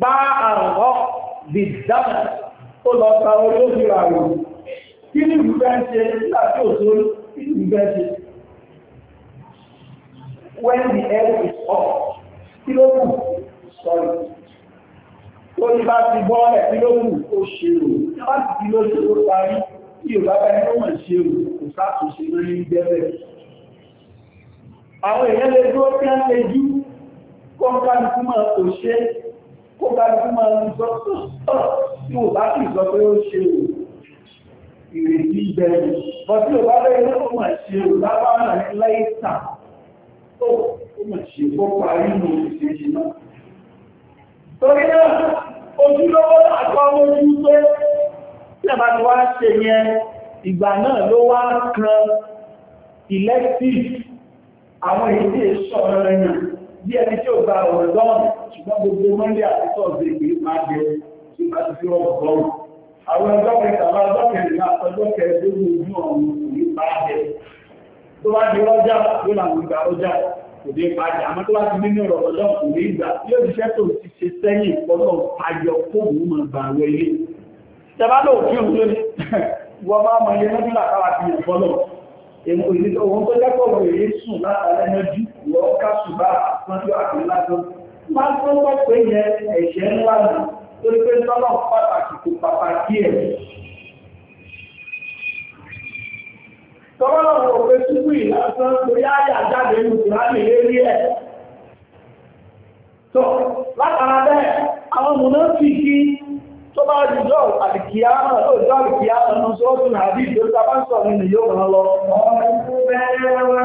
bá àrùn ọkọ̀ lè dáná ó lọ ta orí ó fi ra rò kí ní ìlú láti òṣó kí ní ìlú when the air is off kí ló kù sorry tó ní bá ti bọ́ ẹ̀ kí ló kù ó ṣe rò bá ti kí ló ṣe ó parí kí Yorùbá bá ní ó mọ̀ ṣe rò kò sátúnṣe lórí gbẹ́rẹ́ àwọn èèyàn lè dúró kí wọ́n lè jú kọ́ńtà ní kúmọ̀ òṣèlú kó bá ní máa ń sọ tó sọ tí ò bá sì sọ pé ó ṣe ìrètí ìbẹ̀rẹ̀ bọ́ tí ò bá bẹ́ẹ̀ ní ó máa ṣe ò lábá náà ní láìsà ó máa ṣe kó parí nù ìṣèjì náà torí náà ojúlówó àkọ́wọ́ ojú pé tí àbá ti wá ṣe yẹn ìgbà náà ló wá kan elective àwọn èdè sọ̀rọ̀ ẹ̀yàn bí ẹni tí ó gba ọ̀rọ̀ ṣùgbọ́n gbogbo mọ́lẹ̀ àtúntọ̀ sí ìpín máa jẹ sí láti fi ọgọ́rùn-ún. Àwọn ẹgbẹ́ kẹta máa dọ́kẹ̀rẹ̀ náà ọjọ́ kẹẹ̀ẹ́dógún ojú ọ̀run kò ní bá jẹ. di ọjà ló làwọn ìgbà ọjà kò ní bá jẹ. Àmọ́ tó bá ti nínú ọ̀rọ̀ ọjọ́ kò ní ìgbà yóò ṣiṣẹ́ tó ti ṣe sẹ́yìn pọ́lọ̀ ayọ̀ fóònù mọ̀ gbà wẹlé. Ìjọba lò kí máa tó tọ́ pé yẹ ẹ̀ṣẹ̀ ńlá nù torí pé tọ́lọ̀ pàtàkì kò pàtàkì ẹ̀. Tọ́lọ̀ wọ̀ pé túbú ìlàsán torí àyà jáde ní Kùránì lérí ẹ̀. Tọ́ látara bẹ́ẹ̀, àwọn mùnà fi kí tó bá dìjọ́ àdìkíyàmọ̀ lóòjọ́ àdìkíyàmọ̀ ní sọ́ọ̀tún àbí ìdórí tá bá ń sọ̀rọ̀ nínú yóò rán lọ. Ọ̀rọ̀ ìfúnbẹ́rẹ́ wọn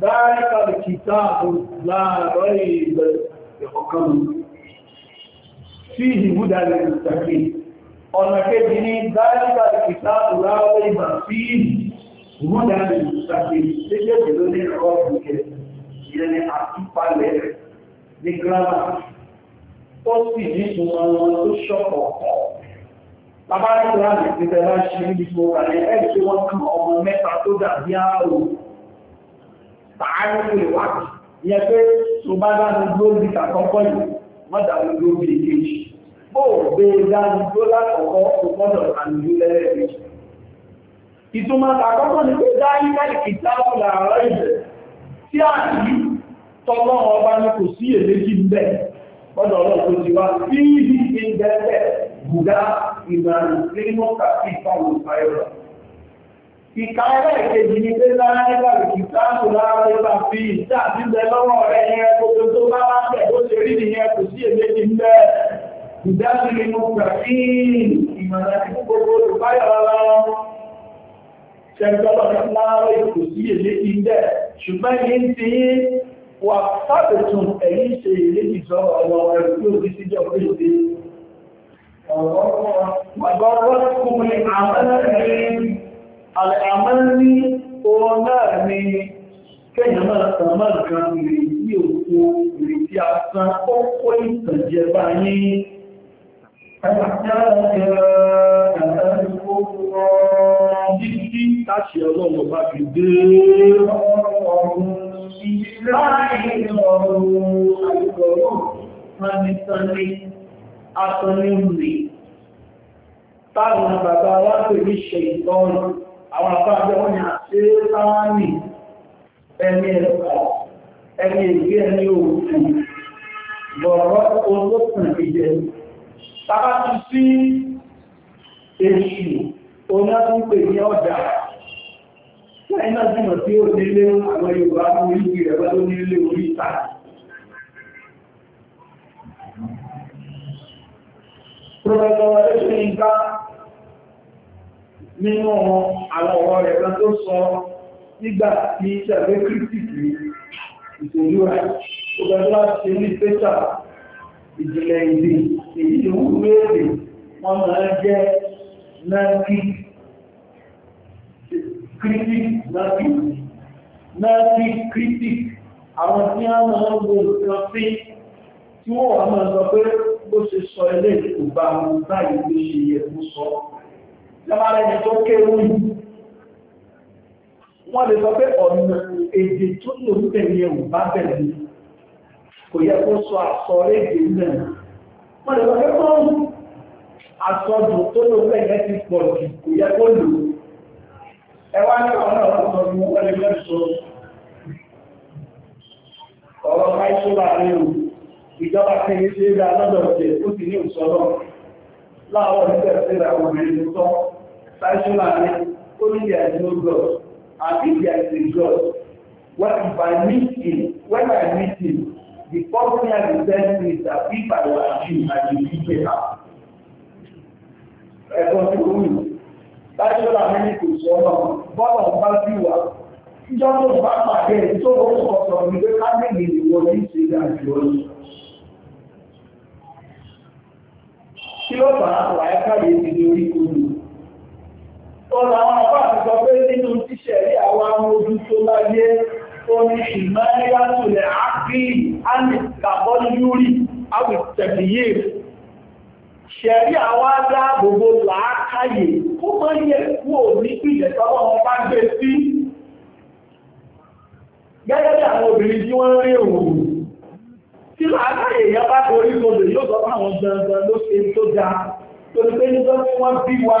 dáríkà kìtà láàárọ̀ ìgbẹ̀ ìkọ̀kan fíhì múdàlẹ̀ ìtàkì ọ̀nà kejì ní dáríkà kìtà láàárọ̀ ìgbà fíhì múdàlẹ̀ ìtàkì léjẹ́jẹ̀ ló ní ọ̀rọ̀ ìgbẹ̀ ìrẹni àtúpalẹ̀ ní grámà ó sì ní ìtumọ̀ wọn tó ṣọ̀kọ̀ọ̀kọ̀ Bàbá ní ìlànà ìpínlẹ̀ láṣẹ́ níbi tó wà ní ẹ̀ẹ́sì wọn kan ọmọ mẹ́ta tó dàbí ààrùn tààrí pé wà yẹ pé tó bá dánú lórí àkọ́kọ́ yìí wọ́n dánú lórí èkejì ó gbé e dánú tó lákọ̀ọ́kọ́ tó gbọ́dọ̀ dánú lẹ́lẹ́kejì ìtumọ̀ àkọ́kọ́ ni pé dáyé láìkì tábù làárọ̀ ìbẹ̀ tí a yí tọ́lọ́ ọba ní kò sí èléjì ń bẹ̀ ọdọ̀ ọ̀rọ̀ tó ti wá bí ibi ti ń bẹ̀rẹ̀ bùdá ìmọ̀ràn nínú kàfí ìfọ̀wọ̀ fàyọ̀rọ̀ Ìka ẹlẹ́ẹ̀kejì ni pé lára nígbà kìí sáàtò lára nígbà fi ìjà sí ń bẹ lọ́wọ́ rẹ̀ yẹn gbogbo tó bá bá bẹ̀ tó ṣe rí nìyẹn kò sí èméjì ń bẹ. Ìdájú ni mo gbà kí ìmọ̀ràn tí gbogbo olùbáyọ̀ lára wọn. Ṣẹ̀gbọ́n lára kò sí èméjì ń bẹ. Ṣùgbọ́n yìí ń ti wà sábẹ̀tún ẹ̀yìn ṣe èméjì sọ ọ̀rọ̀ ẹ̀rù tí ó fi síjọ́ pé ìdí. Ọ̀rọ̀ àmọ́ ní oòrùn náà ni kẹ́yìn náà tàmà nǹkan ìrètí òkú ìrètí asán ó kó ìtànjẹ bá yín Títí táṣì ọlọ́run bá fi dé ọ̀rọ̀ ìrìnláàrin ọ̀rọ̀ àìkọ̀rọ̀ mọ́nítọ́lé atọ́lé bàbá wá pè ní ṣe ìtọ́rùn-ún àwọn àpáàbẹ́ wọ́n ni àṣẹ láàárín ẹni ẹ̀kọ́ ẹni ìgbé ẹni òkú bọ̀rọ̀ olókùn ìjẹ tàbá ti sí èṣù onágúnpè ní ọjà ṣẹ́nà jùmọ̀ tí ó nílé àwọn Yorùbá mú ìlú rẹ̀ wọ́n nílé orí ìta Prọ̀fẹ́sọ̀ Ẹ̀ṣẹ́ ìgbà nínú àwọn ọ̀rọ̀ rẹ̀ kan tó sọ nígbà tí ìṣẹ̀lẹ̀ kìrìtìkì ìṣèlú rẹ̀ tó bẹ̀rẹ̀ láti ṣe ní pẹ́sà ìjìnlẹ̀ ìdí èyí tó wú léèrè wọ́n máa ń jẹ́ náàkì kìrìtìk àwọn tí a máa ń wo nǹkan sí tí wọ́n wà máa sọ pé bó ṣe sọ ilé ìkùnbà mú báyìí ló ṣe yẹ fún sọ lọ́wọ́ rẹ̀ ní tó kéwú yìí wọ́n lè sọ pé ọ̀nà èdè tó lò ń tẹ̀lé ẹ̀wù bá bẹ̀rẹ̀ ní kò yẹ kó sọ àsọ̀rọ̀ èdè náà wọ́n lè sọ pé kọ́ àsọdùn tó lò ń tẹ̀lé ti pọ̀ jù kò yẹ kó lò ẹ wá ní àwọn náà wọ́n sọ ní wọ́n lè fẹ́ sọ ọ̀rọ̀ káìsọ́lá rẹ̀ o ìjọba kẹ́yìn ṣe é dá lọ́dọ̀ jẹ́ ó sì ní ìsọ̀rọ̀ láàárọ̀ nígbà tí ra Sexual marriage, only there is no God. And if there is God, when if I meet him, when I meet him, the first thing I will tell you is that if I were you, I will be better. Ẹ̀gbọ́n tí ó wù. Sexual marriage kò sọ ọ́nà, bọ́ọ̀lù ọ̀gbá sí wa. Ìjọ tó bá pàdé tó ó kọ̀ sọ ní pé ká lè lè wọ ní ṣe àjọ yìí. Kí ló fà á wà ẹ́ká yìí ti ní orí kodò? Bọ́n àwọn apá àtìkọ pé nínú tíṣẹ̀rí àwọn ojú tó láyé tó ní ìmẹ́rẹ́yàtùlẹ̀ ápìlì ánìkàbọ́lúrí àwìtẹ̀bìyè. Ṣẹ̀rí àwọn adá gbogbo làákàyè kó mọ́ yẹ kúò ní ìjẹ̀ tọ́wọ́ wọn bá gbé sí. Gẹ́gẹ́ bí àwọn obìnrin tí wọ́n rí òun. Tí làákàyè yẹn bá torí kodò yóò sọ fún àwọn dandan ló ṣe tó dáa. Torí pé nígbà tí wọ́n bí wa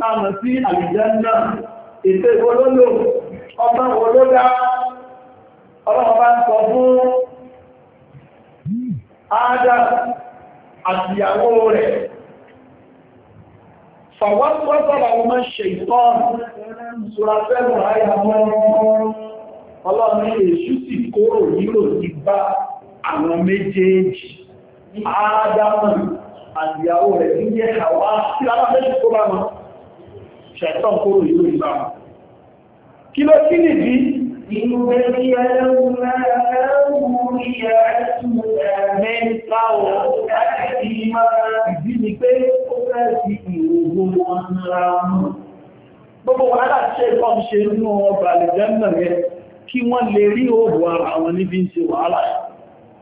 táàmù sí àlìjẹ́nà ètò ìwọlólò ọmọ ológa ọlọ́wọ́ bá ń sọ fún ádá àtìyàwó rẹ̀ fàwọ́sọ́sọ́lá ọmọ ṣe ìtọ́ ṣùràfẹ́lù àyàwó ọlọ́rin èṣù sì kóró yírò ti bá àwọn méjèèjì ádámù àtìyàwó rẹ̀ ní jẹ́ àwọ́ sí alábẹ́sì kó bá wọn ṣẹ̀tọ́ kúrò ìlú ìgbà kí ló kí nìdí لنبري له ما له هي أسمى من قول أحدهما ìdíni pé ó fẹ́ fi ìwògbò wọn ra mú. Gbogbo wọn aláṣẹ ìkọ́ ṣe inú ọba àlìjẹ́mọ̀ rẹ̀ kí wọ́n lè rí òòbò ara wọn níbi ń ṣe wàhálà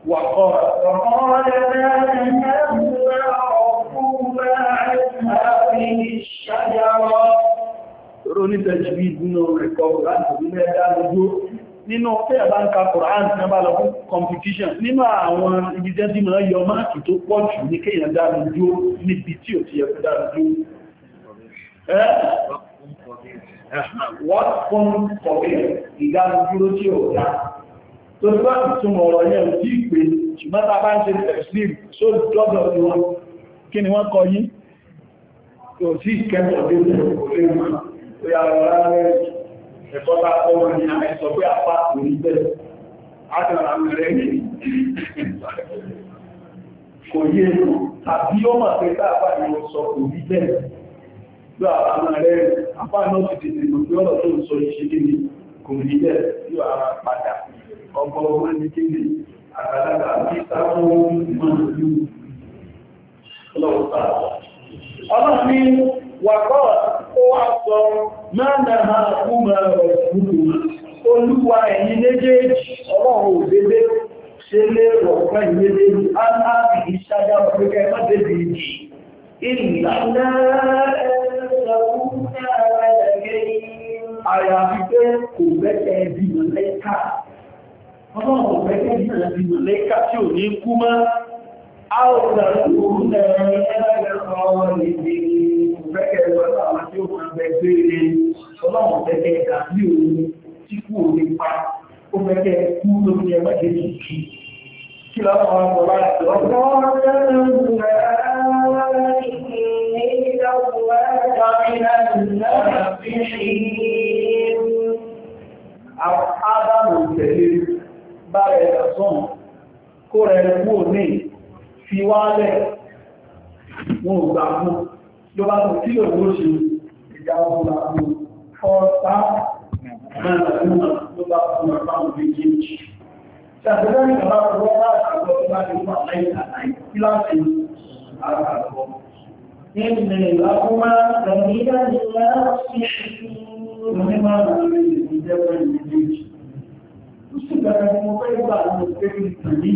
wàkọ́. Ọ̀pọ̀ ọ̀rẹ́ Róní tẹ̀jìbí ìdínà rẹ̀kọ́ láti ìdílé ẹ̀dá lójú nínú ọ̀fẹ́ ẹ̀bá ń ka Kùrán tí wọ́n bá lọ fún competition nínú àwọn ibi tí mọ̀ yọ máàkì tó pọ̀ jù ní kéèyàn dá níbi tí ò ti yẹ fún dá lójú. What fun kọ̀wé ìdánilójú tí ò dá tó bá tó tí ìkẹ́kọ̀ọ́ dé ní òkúlé mọ́ tó yà rọra rẹ̀ ẹ̀kọ́ bá kọ́ wọn ni àmì sọ pé apá kò ní bẹ́ẹ̀ ádàrà rẹ̀ ní kò yé lò tàbí ó mọ̀ pé táàbà ni ó sọ kò ní bẹ́ẹ̀ lọ àwọn rẹ̀ apá náà ti tètè mọ̀ pé ọlọ́run ní wàkọ́ ó wá sọ mẹ́rin máa kú mẹ́rin ọ̀rọ̀ olúwa ẹ̀yin méjèèjì ọlọ́run òdébé ṣe lé ọ̀pẹ́ ìméjèèjì aláàbì ìṣájá ọ̀pẹ́kẹ́ mọ́débì ìlànà àyàfi pé kò gbẹ́kẹ̀ bí mọ̀lẹ́kà ọlọ́run kò gbẹ́kẹ̀ bí mọ̀lẹ́kà tí ò ní kú أو تكون من الخالدين Ìfẹ́kẹ̀ẹ́ lọ́wọ́ àwọn tí ó máa bẹ gbé ní ọlọ́run tẹ́kẹ́ ìdàbí òun tí kú ò ní pa, ó fẹ́kẹ́ kú lórí ẹgbẹ́ ìdíjì kìí. Kí lọ́wọ́ àwọn ọmọ bá rẹ̀ lọ́wọ́? Ọjọ́ ìrìnlẹ̀ àwọn ìlú ọwọ́ ẹ̀dọ́ ìrìnlẹ̀ náà fi ṣe Àwọn Ádámù tẹ̀lé bá rẹ̀ lọ́sọ́nù, kó rẹ̀ kú ò ní fi wálẹ̀ wọn ò fún ló tó kí lòun ó ṣe ìjà ọmọ àgbò fọ́ọ̀tá mẹ́rẹ̀lúmọ̀ ló bá fún ọ̀pá òun méjèèjì ṣàtẹ́lẹ́ ìjọba ọwọ́ láàrín àwọn tó bá ti wà láìka láìkí láti àgbàgbọ́ Ìnà ìlàkúnmá tàbí ìdájọ́ láti ṣe onímọ̀ àwọn ìjẹ́pẹ̀ ìjẹ́jì. Ó sì bẹ̀rẹ̀ mọ́ fẹ́ gbà ní ọjọ́ ìtàlẹ́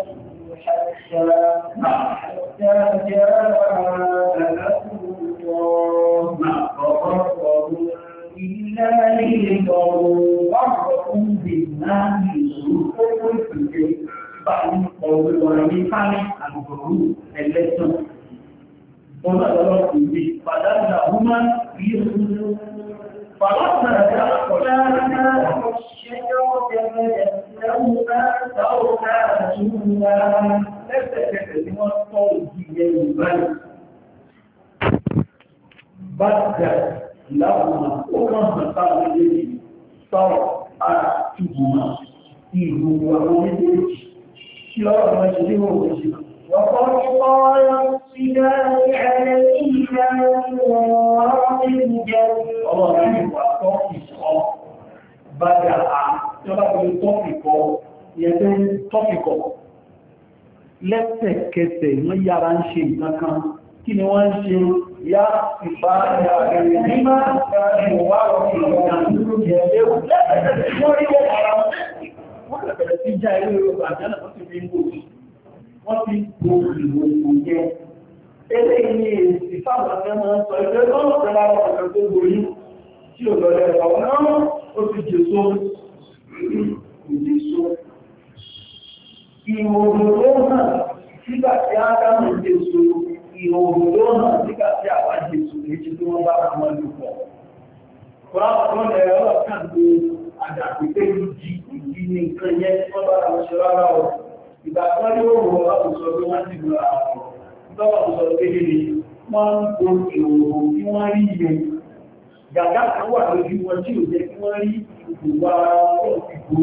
حتى حتى جاء الله فغرهم بالله فغرهم بالله الغرور في بعض قول ولم الغرور اللسان قل الله في بدل لهما في فلما تأكلها الشجر بدت لهما سوآتهما نسكت من الصوت جيبا بدت لهما أمم قال لي سوآتهما إيه هو أمم يجي شلون ما يجي هو يجي وطلقا يقصدان عليهما من وراء الجنة Bájá àà tí ó bá ti tọ́pìkọ̀, ìyẹn tó ń tọ́pìkọ̀. Lẹ́sẹ̀kẹsẹ̀ wọ́n yára ń ṣe ìtànkan, kí ni wọ́n ń ṣe yá ìbáyà rẹ̀ ní máa ń gbáyé wà rọ̀ ìrọ̀dàmúrú jẹ́ léwu lẹ́sẹ̀kẹsẹ̀ wọ́n rí wọ́n ti bo ìròyìn jẹ. Eléyìí ni èsì fáwọn ọ̀sẹ̀ máa ń sọ ẹgbẹ́ tó ń tẹ́lá ọ̀sẹ̀ tó borí tí ò lọ́lẹ̀ ọ̀wọ́ náà ó ti jèso kò jèso. Ìhòòhò ló hàn nígbà tí Ádámù jèso, ìhòòhò ló hàn nígbà tí àwa jèso méjì tó wọ́n bá wọn lò pọ̀. Kọ́lá ọ̀dọ́ lẹ̀ ọ̀kàn gbé àdàpé pé ìdí ìdí nìkan yẹn tí wọ́n bá wọn ṣe rárá ọ̀rọ̀. ìgbà tó ní ó wọ àwùsọ tó wọ́n ti gbà àwọn ìgbàwà àwùsọ kékeré wọ́n ń kó ìwòrò kí wọ́n rí ilẹ̀ gàgá kan wà lójú wọn tí ò jẹ́ kí wọ́n rí ìgbòwà ọ̀pìgbò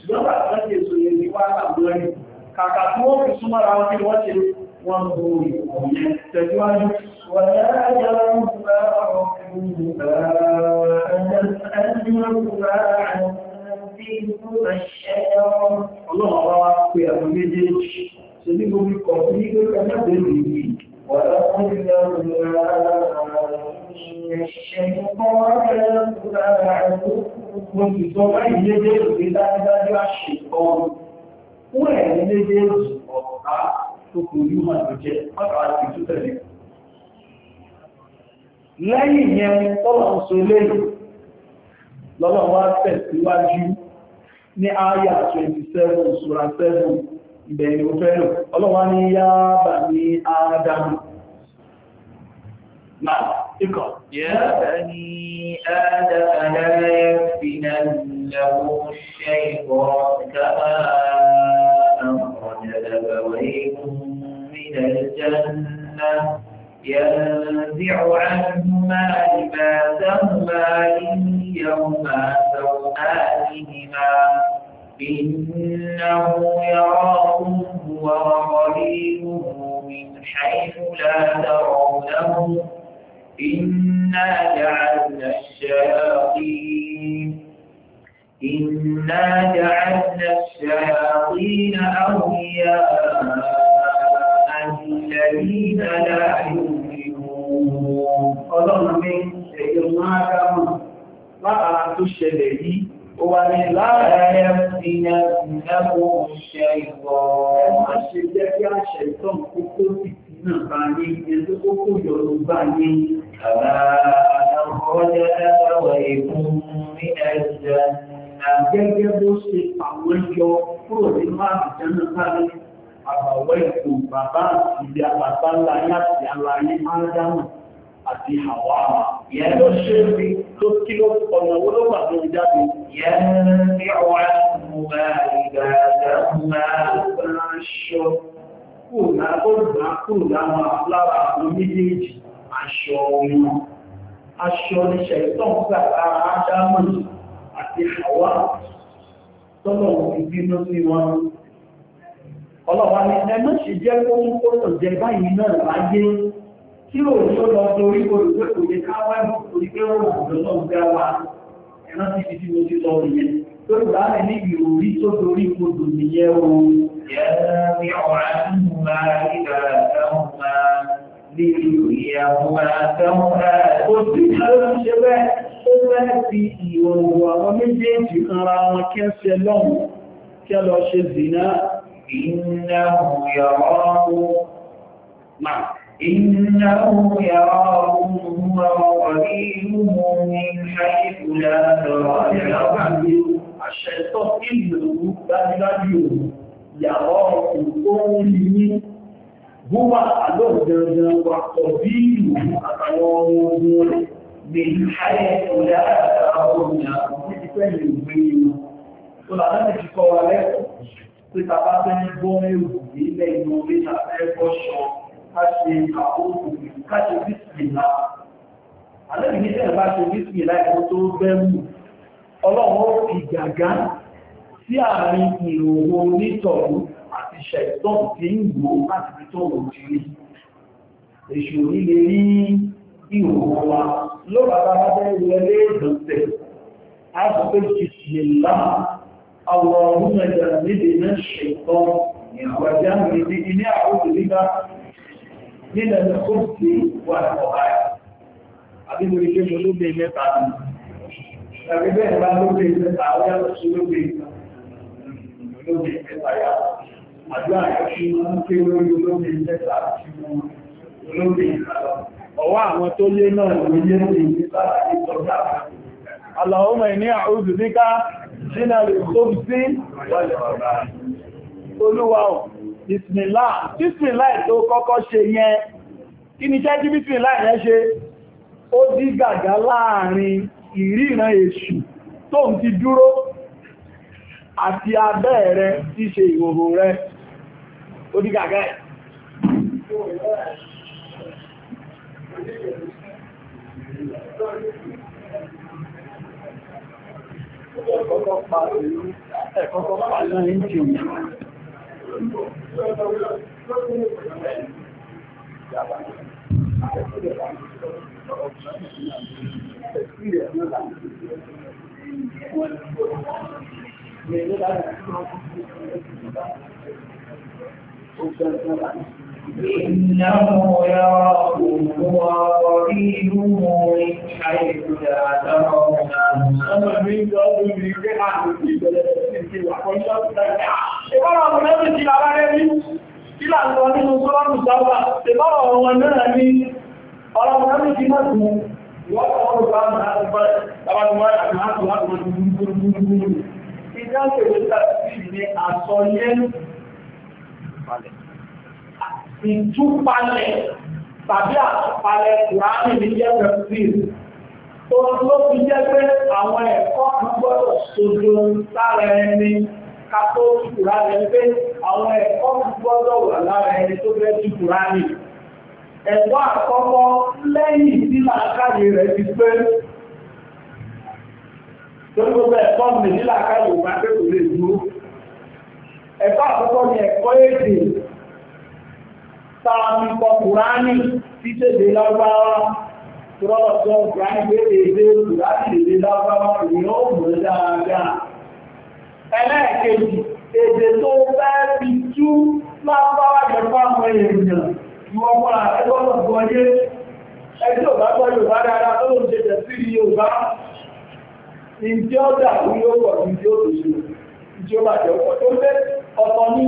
ṣùgbọ́n bàtà wọ́n ti èso yẹn ní wá láwọn rí kàkà tí wọ́n fi súnmọ́ra wọn kí wọ́n ṣe wọ́n bo ìwòye tẹ̀síwájú wọ́n yá yá ń gbà ọ̀pìgbò Ọlọ́run wá wá pé àwọn méjèèjì ṣe ní gbogbo ikọ̀ ní gbogbo ẹgbẹ́ ìrìnlẹ̀ wọ̀lá fún ilẹ̀ òmìnira ìṣẹ́ Lẹ́yìn yẹn tọ́lọ̀ ń so lẹ́yìn lọ́lọ́wọ́ tẹ̀síwájú ní àyà 27 sura 7 ìbẹ̀yìn òfẹ́lò ọlọ́wà ní yáàbà ní ádámù náà ikọ̀ yáàbà ní ádámù ẹ̀fìnà lẹ́wọ́ ṣe ìbọ̀ kàmà ينزع عنهما لباسهما إن يوم سوآتهما إنه يراكم هو وقبيله من حيث لا ترونه إنا جعلنا الشياطين إنا جعلنا الشياطين أولياء الذين لا يؤمنون. látara tó ṣẹlẹ̀ yìí ó wà ní láàárẹ̀ ìyẹn ìyẹ́kò ṣe ìwọ̀ má ṣe jẹ́ kí àṣẹ ìtọ́n kókó sì ti náà bá ní ẹni tó kókó yọrù bá ní àlàkọ́jẹ́ ẹ̀rọ ìkún ní ẹ̀jẹ̀ gẹ́gẹ́ bó ṣe àwọn yọ kúrò nínú àbùjá náà sáré àbàwọ̀ ìkún bàbá àti ìyá bàbá ńlá yàtì aláyé máa dáhùn àti àwa yẹn ló ṣe é rí ló kí ló ọ̀nà owó ló pàdé orí jáde yẹn ní ọ̀rọ̀ ẹ̀mú máa ìgbà ẹ̀mú máa ń ṣọ kúrò lágbóògbà kúrò láwọn lára àwọn méjèèjì aṣọ wọn aṣọ oníṣẹ́ ìtàn lára ádámù àti àwa tọ́lọ̀ ìbínú sí wọn ọlọ́wà ni ẹmọ́ ṣe jẹ́ kó ń kó lọ báyìí náà láyé tí ò tó lọ torí olùgbé kò ní káwá ẹ̀mọ́ torí pé ó wà lọ́sọ̀ ń bẹ́ wa ẹ̀rọ ti fi tí mo ti sọ ìyẹn tó gbà mí ní ìròrí tó torí kodò nìyẹn o. Yẹ́nì ọ̀rá ń múra ìgbà àtàwọn máa lè إنه يراهم هو وقبيله من حيث لا ترى Àṣẹ́tọ́ ìlú dájúdájú òun, ìyàwó ọkùn tó ń rí ní búwà àlọ́gbẹ̀rẹ̀ wà kọ̀ bí ìlú àtàwọn ọmọ ogun rẹ̀ lè ṣáyẹ̀ ìlú àtàwọn ìyàwó títí pẹ̀lú ìgbé inú. Tó lànà ti kọ́ wa lẹ́kọ̀ọ́ pé tàbá fẹ́ gbọ́ ẹ̀rù nílẹ̀ inú orí tàbẹ́ ẹ̀kọ́ ṣọ́ ká ṣe àkókò ká ṣe bísìlá alẹ́bí ní tẹ́lẹ̀ bá ṣe bísìlá ẹ̀kọ́ tó bẹ́mù ọlọ́wọ́ fi gàgá sí àárín ìròwò onítọ̀rù àti ṣẹ̀tọ́ tí ń wò láti fi tó wò jírí èṣù líle rí ìròwò wa ló bàbá bá bẹ́ wọlé ìdọ̀tẹ̀ a sọ pé kì í lá àwọn ọmọ ẹ̀dà nílé náà ṣẹ̀tọ́ ìwàjá mi nínú ẹ̀rọ kó sí wà ọ̀bá ẹ̀. Àbí mo rí pé mo ló gbé mẹ́ta nù. Tàbí bẹ́ẹ̀ bá ló gbé mẹ́ta, ó yàtọ̀ sí ló gbé ló gbé mẹ́ta yá. Àdúrà yóò fi máa ń ké lórí olóògbé mẹ́ta àti olóògbé ìkàlọ́. Ọwọ́ àwọn tó lé náà bísmìlá bísmìlá tó kọ́kọ́ ṣe yẹn kí ni jẹ́ kí bísmìlá yẹn ṣe ó dí gàgá láàrin ìríran èṣù tó ń ti dúró àti abẹ́ rẹ tí ṣe ìhòhò rẹ ó dí gàgá ẹ̀ Ẹ̀kọ́kọ́ pa ìlú, ẹ̀kọ́kọ́ pa ìlú ìjìnlẹ̀. إنه يراكم هو قريبه من حيث لا ترونه ti wà kọjọ́ ìgbẹ̀rẹ̀ ìbára ọmọ mẹ́rin ti lára rẹ̀ ní ìlà lọ nínú kọ́lọ́mù sáwà ìbára ọmọ náà ní ọlọ́mọ mẹ́rin ti máa tún wọ́n kọ́lọ́mù sáwà láti bá tàbátùmọ́ àti máa tún láti máa tún gbúrúgbúrú ìdáṣẹ̀ ìwé tàbí ní àsọyé ìtúpalẹ̀ tàbí àtúpalẹ̀ kùránì ní jẹ́ Oòrùn ló fi jẹ́ pé àwọn ẹ̀kọ́ kan gbọ́dọ̀ sojo lára ẹni ká tó kùrá rẹ̀ pé àwọn ẹ̀kọ́ kan gbọ́dọ̀ wà lára ẹni tó fẹ́ ti kùrá nì. Ẹ̀kọ́ àkọ́kọ́ lẹ́yìn tí làákàyè rẹ̀ ti pé. Torí gbogbo ẹ̀kọ́ mi tọ́ọ̀tọ́ gbáyé èdè láti èdè lábáwá ìyàn òmù dáadáa. Ẹlẹ́ẹ̀kejì, èdè tó fẹ́ fi tú lábáwá jẹfà mọ èèyàn ìwọ̀n mọ́ àtẹ́gbọ́nà gbọ́yé. Ẹjọ́ bá gbọ́ Yorùbá dáadáa tó lóun ṣe tẹ̀ sí Yorùbá. Ìdí ọ̀dà wí ó pọ̀ ní tí ó tó ṣe. Ìdí ó bàjẹ́ ọ̀pọ̀ tó fẹ́ ọ̀pọ̀ ní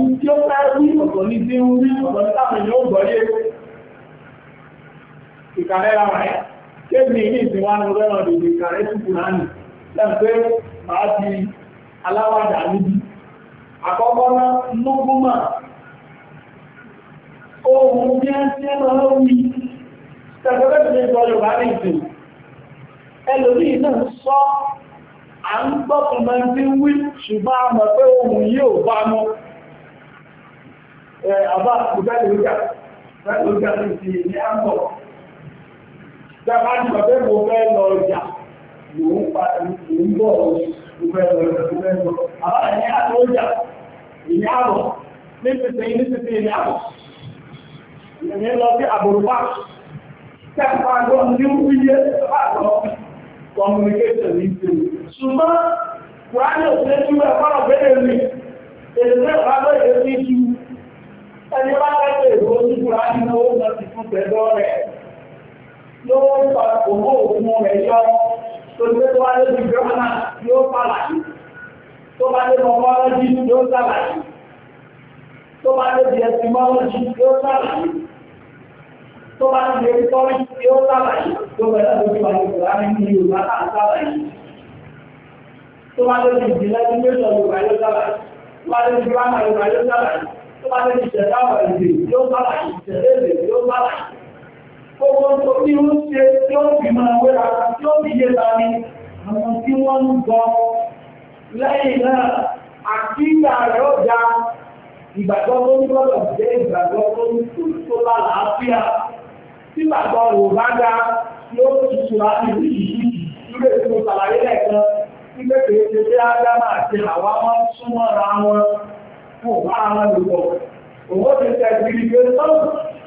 Kéèmì ní ìsinwánu rẹ̀rọ̀ lèdè kàrẹ́ sí Kùránì lẹ́gbẹ́ máa ti aláwàdà níbi. Àkọ́kọ́ náà, Mọ́gbọ́mà, ohun bí a ti ẹ̀rọ lórí, tẹ̀gbẹ́ ti lè sọ Yorùbá ní ìsìn. Ẹlòmí náà sọ, à ń gbọ́kùn máa ti wí ṣùgbọ́n a mọ̀ pé ohun yìí ò bá mọ́. Àbá, Ìjọba ní bàbá mo fẹ́ lọ ọjà, mò ń padà mò ń bọ̀ mo fẹ́ lọ ọjà mo fẹ́ lọ. Àbá ẹ̀yìn àti ọjà, ìyá àbọ̀, nísinsìnyí nísinsìnyí ìyá àbọ̀. Ìyẹn lọ sí àbòrúbá. Kẹ́kọ̀ọ́ àgọ́ ní wíyé àgọ́ communication ní ti. Ṣùgbọ́n Kùránì òṣèré tí wọ́n fọ́nà bẹ́ẹ̀ mi, èdè mẹ́fà bẹ́ẹ̀ yẹ kí ju ẹni bá rẹ̀ pé ìròyìn Kùránì náà ó lọ yóò fa òwò òkun rẹ̀ yọ tó gbé tó wá lórí gírámà yóò fàlàyé tó bá lé mọ́mọ́lọ́jì yóò sàlàyé tó bá lé di ẹ̀sìmọ́lọ́jì yóò sàlàyé tó bá lé di ẹ̀sìmọ́lọ́jì yóò sàlàyé tó bẹ̀rẹ̀ lórí wà ní ìgbàlá ní Yorùbá náà sàlàyé tó bá Gbogbo tó bí ó ṣe tí ó fi máa wéra tí ó fi yé ta ni àwọn tí wọ́n ń gọ lẹ́yìn náà àti ìgbà rẹ̀ ó já ìgbàgbọ́ tó ń gbọ́dọ̀ jẹ́ ìgbàgbọ́ tó ń tún tó lálàáfíà. Tí bàbá ò bá ga yóò tutù láti rí ìdíjì ilé tí mo ṣàlàyé lẹ́ẹ̀kan nígbà tí ó ṣe bí Ádámà àti àwa wọn súnmọ́ra wọn fún òbá àwọn olùkọ́. Òwò ti tẹ̀ sí ìgbésọ́ọ̀sì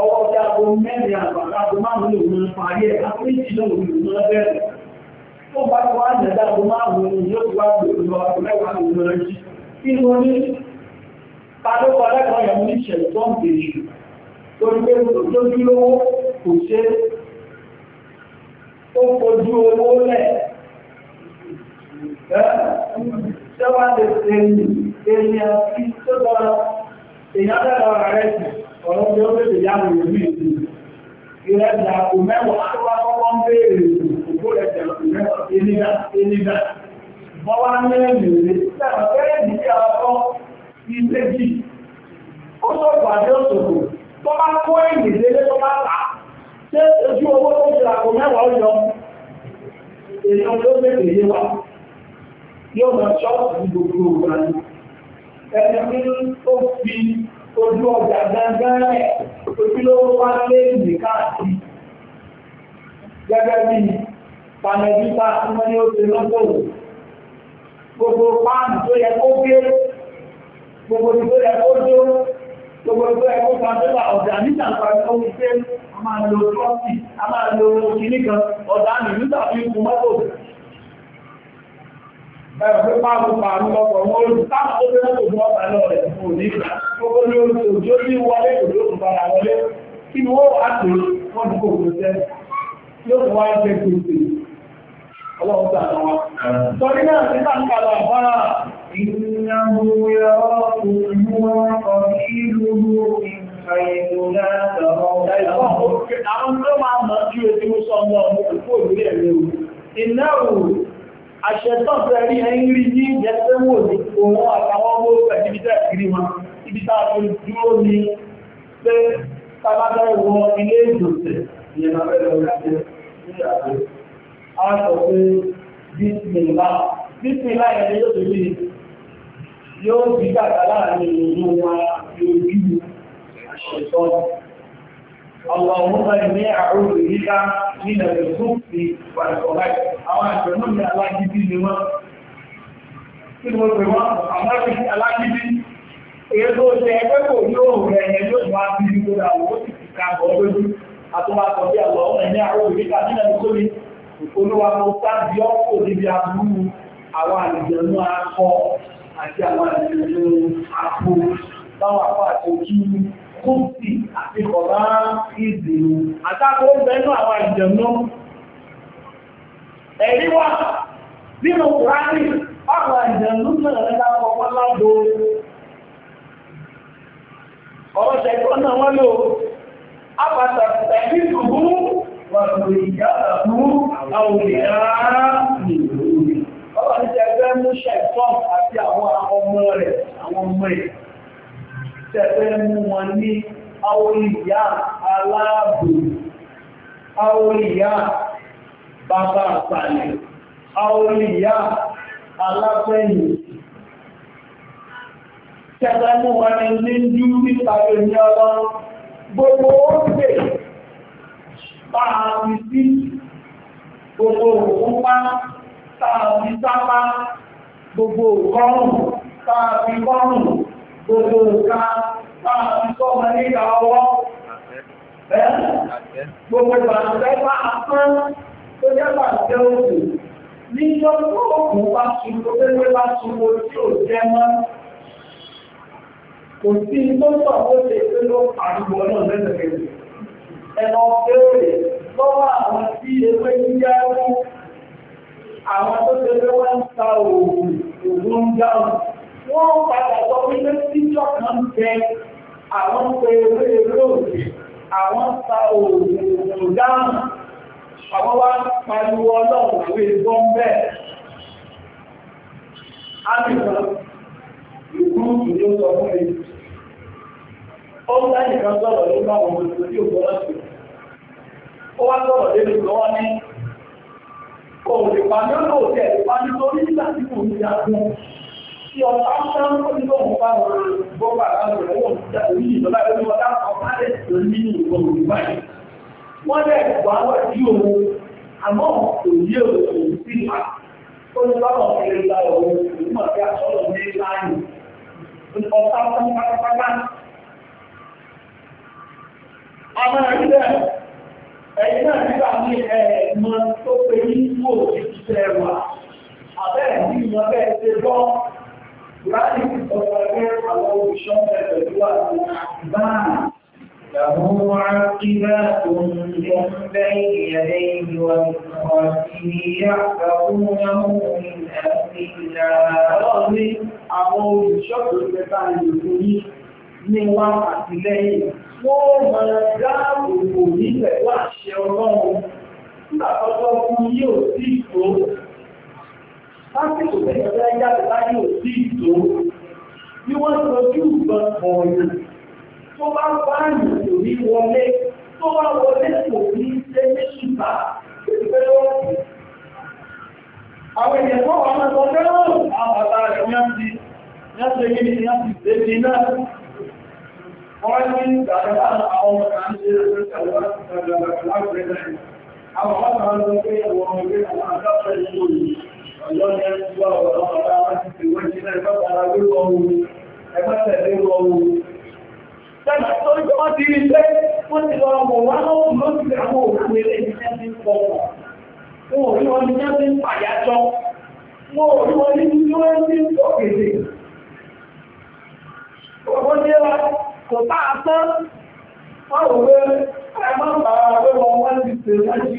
ọwọ́ tí aago mẹ́rin àgbàlagbò márùn-ún lòun ń parí ẹ̀ àpéjì náà lòun ń bẹ̀rẹ̀ tó bá tó wá nẹ̀dá aago márùn-ún yóò tó wá gbèrò e lọ aago mẹ́wàá lòun ń jí kí ló ní palókọ lẹ́kọ̀ọ́ yẹn ní ìṣẹ̀lẹ̀ tó ń bèèrè torí pé lójúlówó kò ṣe ó fojú owó lẹ̀ ṣẹ́wàá rẹ̀ sí ọ̀rọ̀ tí ó bèèrè yàwó ìlú ìlú ìrẹ́jà kò mẹ́wàá tó wá kọ́kọ́ ń béèrè òkú rẹ̀ jẹ̀rọ mẹ́wàá enígbà enígbà bọ́wá ní ẹ̀mẹ̀rẹ̀ sẹ́wọ̀n fẹ́rẹ̀ ní kí ọkọ́ ilé jì ó tó pàdé òṣòkò tó bá kó ẹ̀yìn délé tó bá tà ṣé ojú owó tó jẹ́ àkó mẹ́wàá ó yọ èèyàn ló bèèrè yé wa yóò lọ ṣọ́ọ̀tù ẹni tó fi ojú ọjà gbẹ́gbẹ́rẹ́ ojúlówó wá lé ìlú káàkiri gẹ́gẹ́ bí pàmẹ́bíta tí wọ́n ní ó ti lọ́gbọ̀wò gbogbo páàmù tó yẹ kó gé gbogbo tó yẹ kó jó gbogbo tó yẹ kó pàmẹ́bà ọ̀dà nígbà pàmẹ́ ó ti a máa lo a Ẹ̀rọ pàrọ̀ pàrọ̀ ọkọ̀ wọn ó sáà ó bẹ́rẹ̀ tó bọ́ ọ̀pá lọ rẹ̀ fún òní ìgbà. Gbogbo ní orí òjò ní wọlé òjò tó bára wọlé. Kí ni ó àtò wọn ní kò kò sẹ́? Yóò wá jẹ́ gbèsè. Ọlọ́run sà lọ wa. Sọ̀rí náà ti bá ń kàlọ̀ àbára. Ìyàwó yọ òun wọn kọ̀ sí lóru ìgbàyẹ̀wò náà lọ́wọ́. Àwọn tó máa mọ̀ ju ètò sọ́mọ́ ọmọ òkú òbí ẹ̀rẹ́ àṣẹ̀tàn fẹ́ rí ẹ̀yìn rí ní ìjẹ́sẹ́wò ní òun àtàwọn ọmọ òfẹ́ níbi tẹ́ ìrí wọn ibi tá a fi dúró ní pé tábàbẹ́ wọ ilé ìjọsẹ̀ ìyẹnà bẹ́ẹ̀ lọ sí ìyàwó a sọ pé bísmìlá bísmìlá yẹn yóò tó bí yóò bí kàkà láàrin ìlú wa lójú àṣẹ̀tàn اللهم إني أعوذ بك من الخبث والخبائث àwọn àjọ̀nà ní alágídí ni wọ́n kí ni wọ́n pè wọ́n àmọ́sí alágídí èyí tó ṣe ẹgbẹ́ kò ní òun rẹ̀ yẹn yóò máa fi ní gbogbo àwọn òsì ti ka bọ̀ lójú àtúwà sọ bí àlọ́ọ̀nà ní àròyìn nípa nínú ìkóni olúwa mo sáàbí ọ́pọ̀ níbi àbúrú àwọn àjọ̀nà akọ àti àwọn àjọ̀nà akọ táwọn akọ àti ojú kúrtì àti kọ̀rá ìzìrò àtàkó bẹnu àwọn ìjẹ̀mú ẹ̀rí wà nínú kùránì àwọn ìjẹ̀mú náà rẹ̀ dákọ̀ wọ́n lábò ọ̀rọ̀ ṣẹ̀kọ́ náà wọ́n lò ápàtà tẹ̀lé ìgbùgbù tẹ̀fẹ́ mú wọn ní àwòrìyà aláàbò àwòrìyà bàbá àpàlẹ̀ àwòrìyà alápẹ̀yìn tẹ̀fẹ́ mú wọn ní ní jú nípàdé ní ọlọ́ gbogbo oókè bá sí gbogbo òkúpa tààbí sápá gbogbo òkọrùn tààbí kọrùn gbogbo nǹkan máa fi sọ́mọ nígbà ọwọ́ gbogbo ìbànújẹ́ máa tán tó jẹ́ bàtẹ́ òkú níjọ́ tó òkú bá ṣubú pépé bá ṣubú tí ò jẹ́ mọ́ kò sí tó tọ̀ ó ṣe pé ló pariwo náà lẹ́sẹ̀kẹsẹ̀ ẹ̀rọ fèrè lọ́wọ́ àwọn tí ewé ń jẹ́ mú àwọn tó ṣe pé wọ́n ń ta òògùn òògùn ń dáhùn wọ́n padà sọ wípé tíjọ́ kan jẹ àwọn pé ewé ewé òkè àwọn ta òògùn dáhùn àwọn wá pariwo ọlọ́run àwọn bẹ́ẹ̀ ń bẹ̀. Ámìkan sọ fún mi. Ó ń ló bá wọn òkú Ó wá lọ́wọ́ ní. ní ìpá nítorí tí ọba ṣán tó ní lóhun bá wọn gbọ́gbà Àwọn ẹ̀rílẹ̀ ẹ̀yìn náà nígbà ní ẹ̀ẹ̀mọ tó pe ní ìwò ìṣẹ́ wa àbẹ́ẹ̀ ní ìwọ̀n bẹ́ẹ̀ ṣe bọ́ láti sọ̀rọ̀ pé àwọn òṣìṣọ́ pẹ̀lú àwọn àbáà لهم عاقبات من بين يديه ومن خلفه يحفظونه من أمر الله àwọn olùṣọ́ pẹ̀lú ìlú ní ní wá àtìlẹ́yìn wọ́n máa dáàbò bò nílẹ̀ wá ọlọ́run nígbà tọ́tọ́ fún yóò sí ìtò lásìkò tẹ́lẹ̀ fẹ́ jáde láyé òsì ìtò bí wọ́n tọ́jú ìbọn ọ̀yàn tó bá báyìí kò ní wọlé tó bá wọlé kò ní ṣe ní ṣùgbà ìgbẹ́ lọ́wọ́. Àwọn èèyàn tó wà máa tọ́jú lọ́rùn àwọn bàbá rẹ̀ ní àti ní àti èyí ni àti ìdébí náà. Wọ́n ní ìgbàlá àwọn ọmọ kan ṣe rẹ̀ pẹ̀lú àwọn ọmọ kan lọ pé àwọn ọmọ ẹgbẹ́ àwọn àdáfẹ́ ìlú yìí ọlọ́ni á ti wá ọ̀rọ̀ ọ̀rọ̀ ti fi wọ́n ṣe náà ìfọ́tara lórí ọrùn ẹgbẹ́sẹ̀ lórí ọrùn. Tẹ́lá ń jọmọ́ ti rí pé wọ́n ti lọ ọmọ wá lọ́wọ́ lórí àwọn òkú ilé iṣẹ́ ti ń pọ̀ wọ̀. Wọ́n rí wọn ní jẹ́ ti ń pàyájọ́. Wọ́n rí wọn ní ní wọ́n ti ń pọ̀ kéde. Ọ̀pọ̀ ní wa kò tá a tán. Wọ́n rò pé ẹ má bàa pé wọn wá ti tèrè wọ́n ti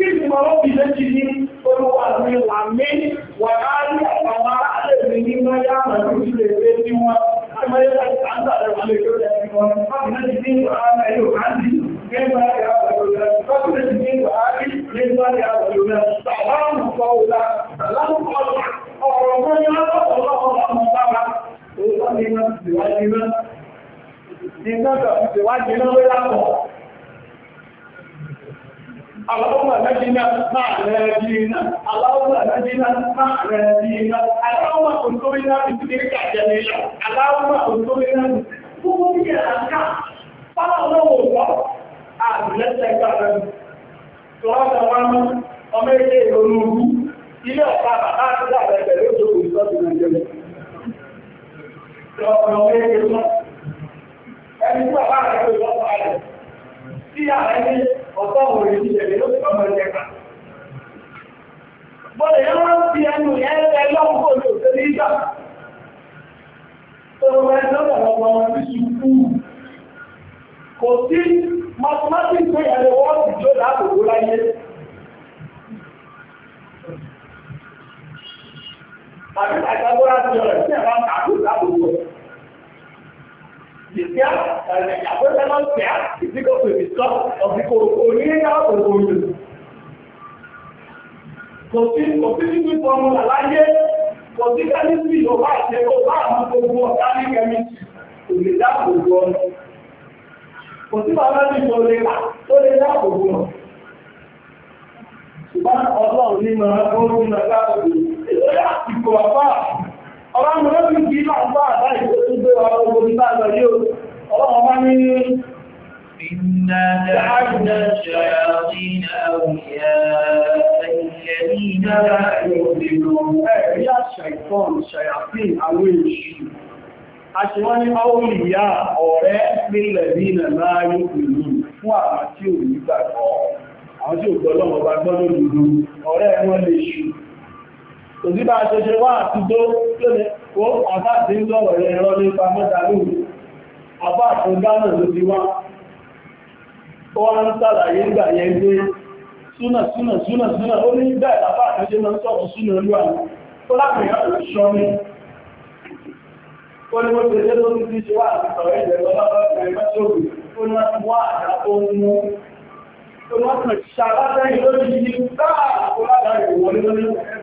kí ni mọ̀rọ̀ bí méjì ní olúwa mi wà mí wà láàrí àwọn aláàrẹ̀ ní mọ́yá àmàlú ilé ẹgbẹ́ tí wọ́n Àwọn ẹgbẹ́ ìgbàlẹ̀ àwọn ẹgbẹ́ ìgbàlẹ̀ àwọn ẹgbẹ́ ìgbàlẹ̀ àwọn ẹgbẹ́ ìgbàlẹ̀ àwọn ẹgbẹ́ ìgbàlẹ̀ àwọn ẹgbẹ́ ìgbàlẹ̀ àwọn ẹgbẹ́ ìgbàlẹ̀ àwọn اللهم نجنا مع نبينا اللهم نجنا مع نبينا اللهم انصرنا بذكرك جميلا اللهم انصرنا بذكرك الأنكار فالله الله àbìlẹ́sẹ̀gbà rẹ̀ tọ́lọ́dà wọn ọmọ ilé ìrònú ogun ilé ọ̀pá bàbá àtúgbà rẹ̀ pẹ̀lú òṣòkò ìsọ́bì nàìjíríà tọ́lọ́dà ọmọ ilé ìrònú ẹni tí bàbá rẹ̀ pẹ̀lú ọ̀pá rẹ̀ tí ààrẹ ní ọ̀tọ́ òun rí ìṣẹ̀lẹ̀ ló ti ọmọ ìjẹta. Bọ́lẹ̀ yóò rán fi ẹnu ẹ̀rẹ́ lọ́wọ́ kò lò sí ní ìgbà. Tó rọ ẹni lọ́wọ́ ọmọ ọmọ ní ṣubú. Kò sí mathematics tó yẹ lè wọ́ọ̀sì tó dáàbòbò láyé. Àbí àgbàgbọ́ra ọ̀rẹ́ sí ẹ̀rọ àkàkù dáàbòbò rẹ̀. The care and the abundant care is equal to the stock of the colonial ogoyo. Kò sí kò sí nínú fọ́mùlà láyé, kò sí kẹ́mísì yóò bá ṣe kó bá àwọn gbogbo ọ̀tá ní kẹ́mísì, kò lè dáàbò bò ọ́nà. Kò sí bàbá mi tó lè rà tó lè dáàbò bò ọ́nà. Ṣùgbọ́n ọlọ́run ní màá gbóòórùn náà láàbò. Ìlú yà ti kọ̀ àbá ọ̀rọ̀ àwọn olóògùn kí náà wa gbogbo nípa àgbà yóò ọlọ́wọ́n bá ní إنا جعلنا الشياطين أولياء الذين لا يؤمنون يا شيطان شياطين أولي Aṣíwọ́n ní ọwọ́ ìyá ọ̀rẹ́ nílẹ̀ ní ìlànà ìlú fún àwọn tí ò ní gbàgbọ́, àwọn tí ò gbọ́ bá gbọ́ ìlú, ọ̀rẹ́ wọn lè ṣù òbí bá ṣeṣe wá àtijọ́ lónìí ó àbá àti ń lọ́wọ́ rẹ̀ ẹ̀rọ nípa mẹ́ta lóòrùn àbá àti gánà ló ti wá ó wá ń sàlàyé ìgbà yẹn gbé súnà súnà súnà súnà ó ní bẹ́ẹ̀ àbá àti ṣe máa ń sọ̀tún súnà olú àná ó lápẹ̀yà ṣọ́ mi ó ní wọ́n ti ṣe tó ti ṣe wá àti sọ̀rọ̀ ìjẹ̀ lọ́wọ́ Olúwọ́n kan ṣàlátẹ́ ìlú ìyí táà kó látàrí ìwọlé lórí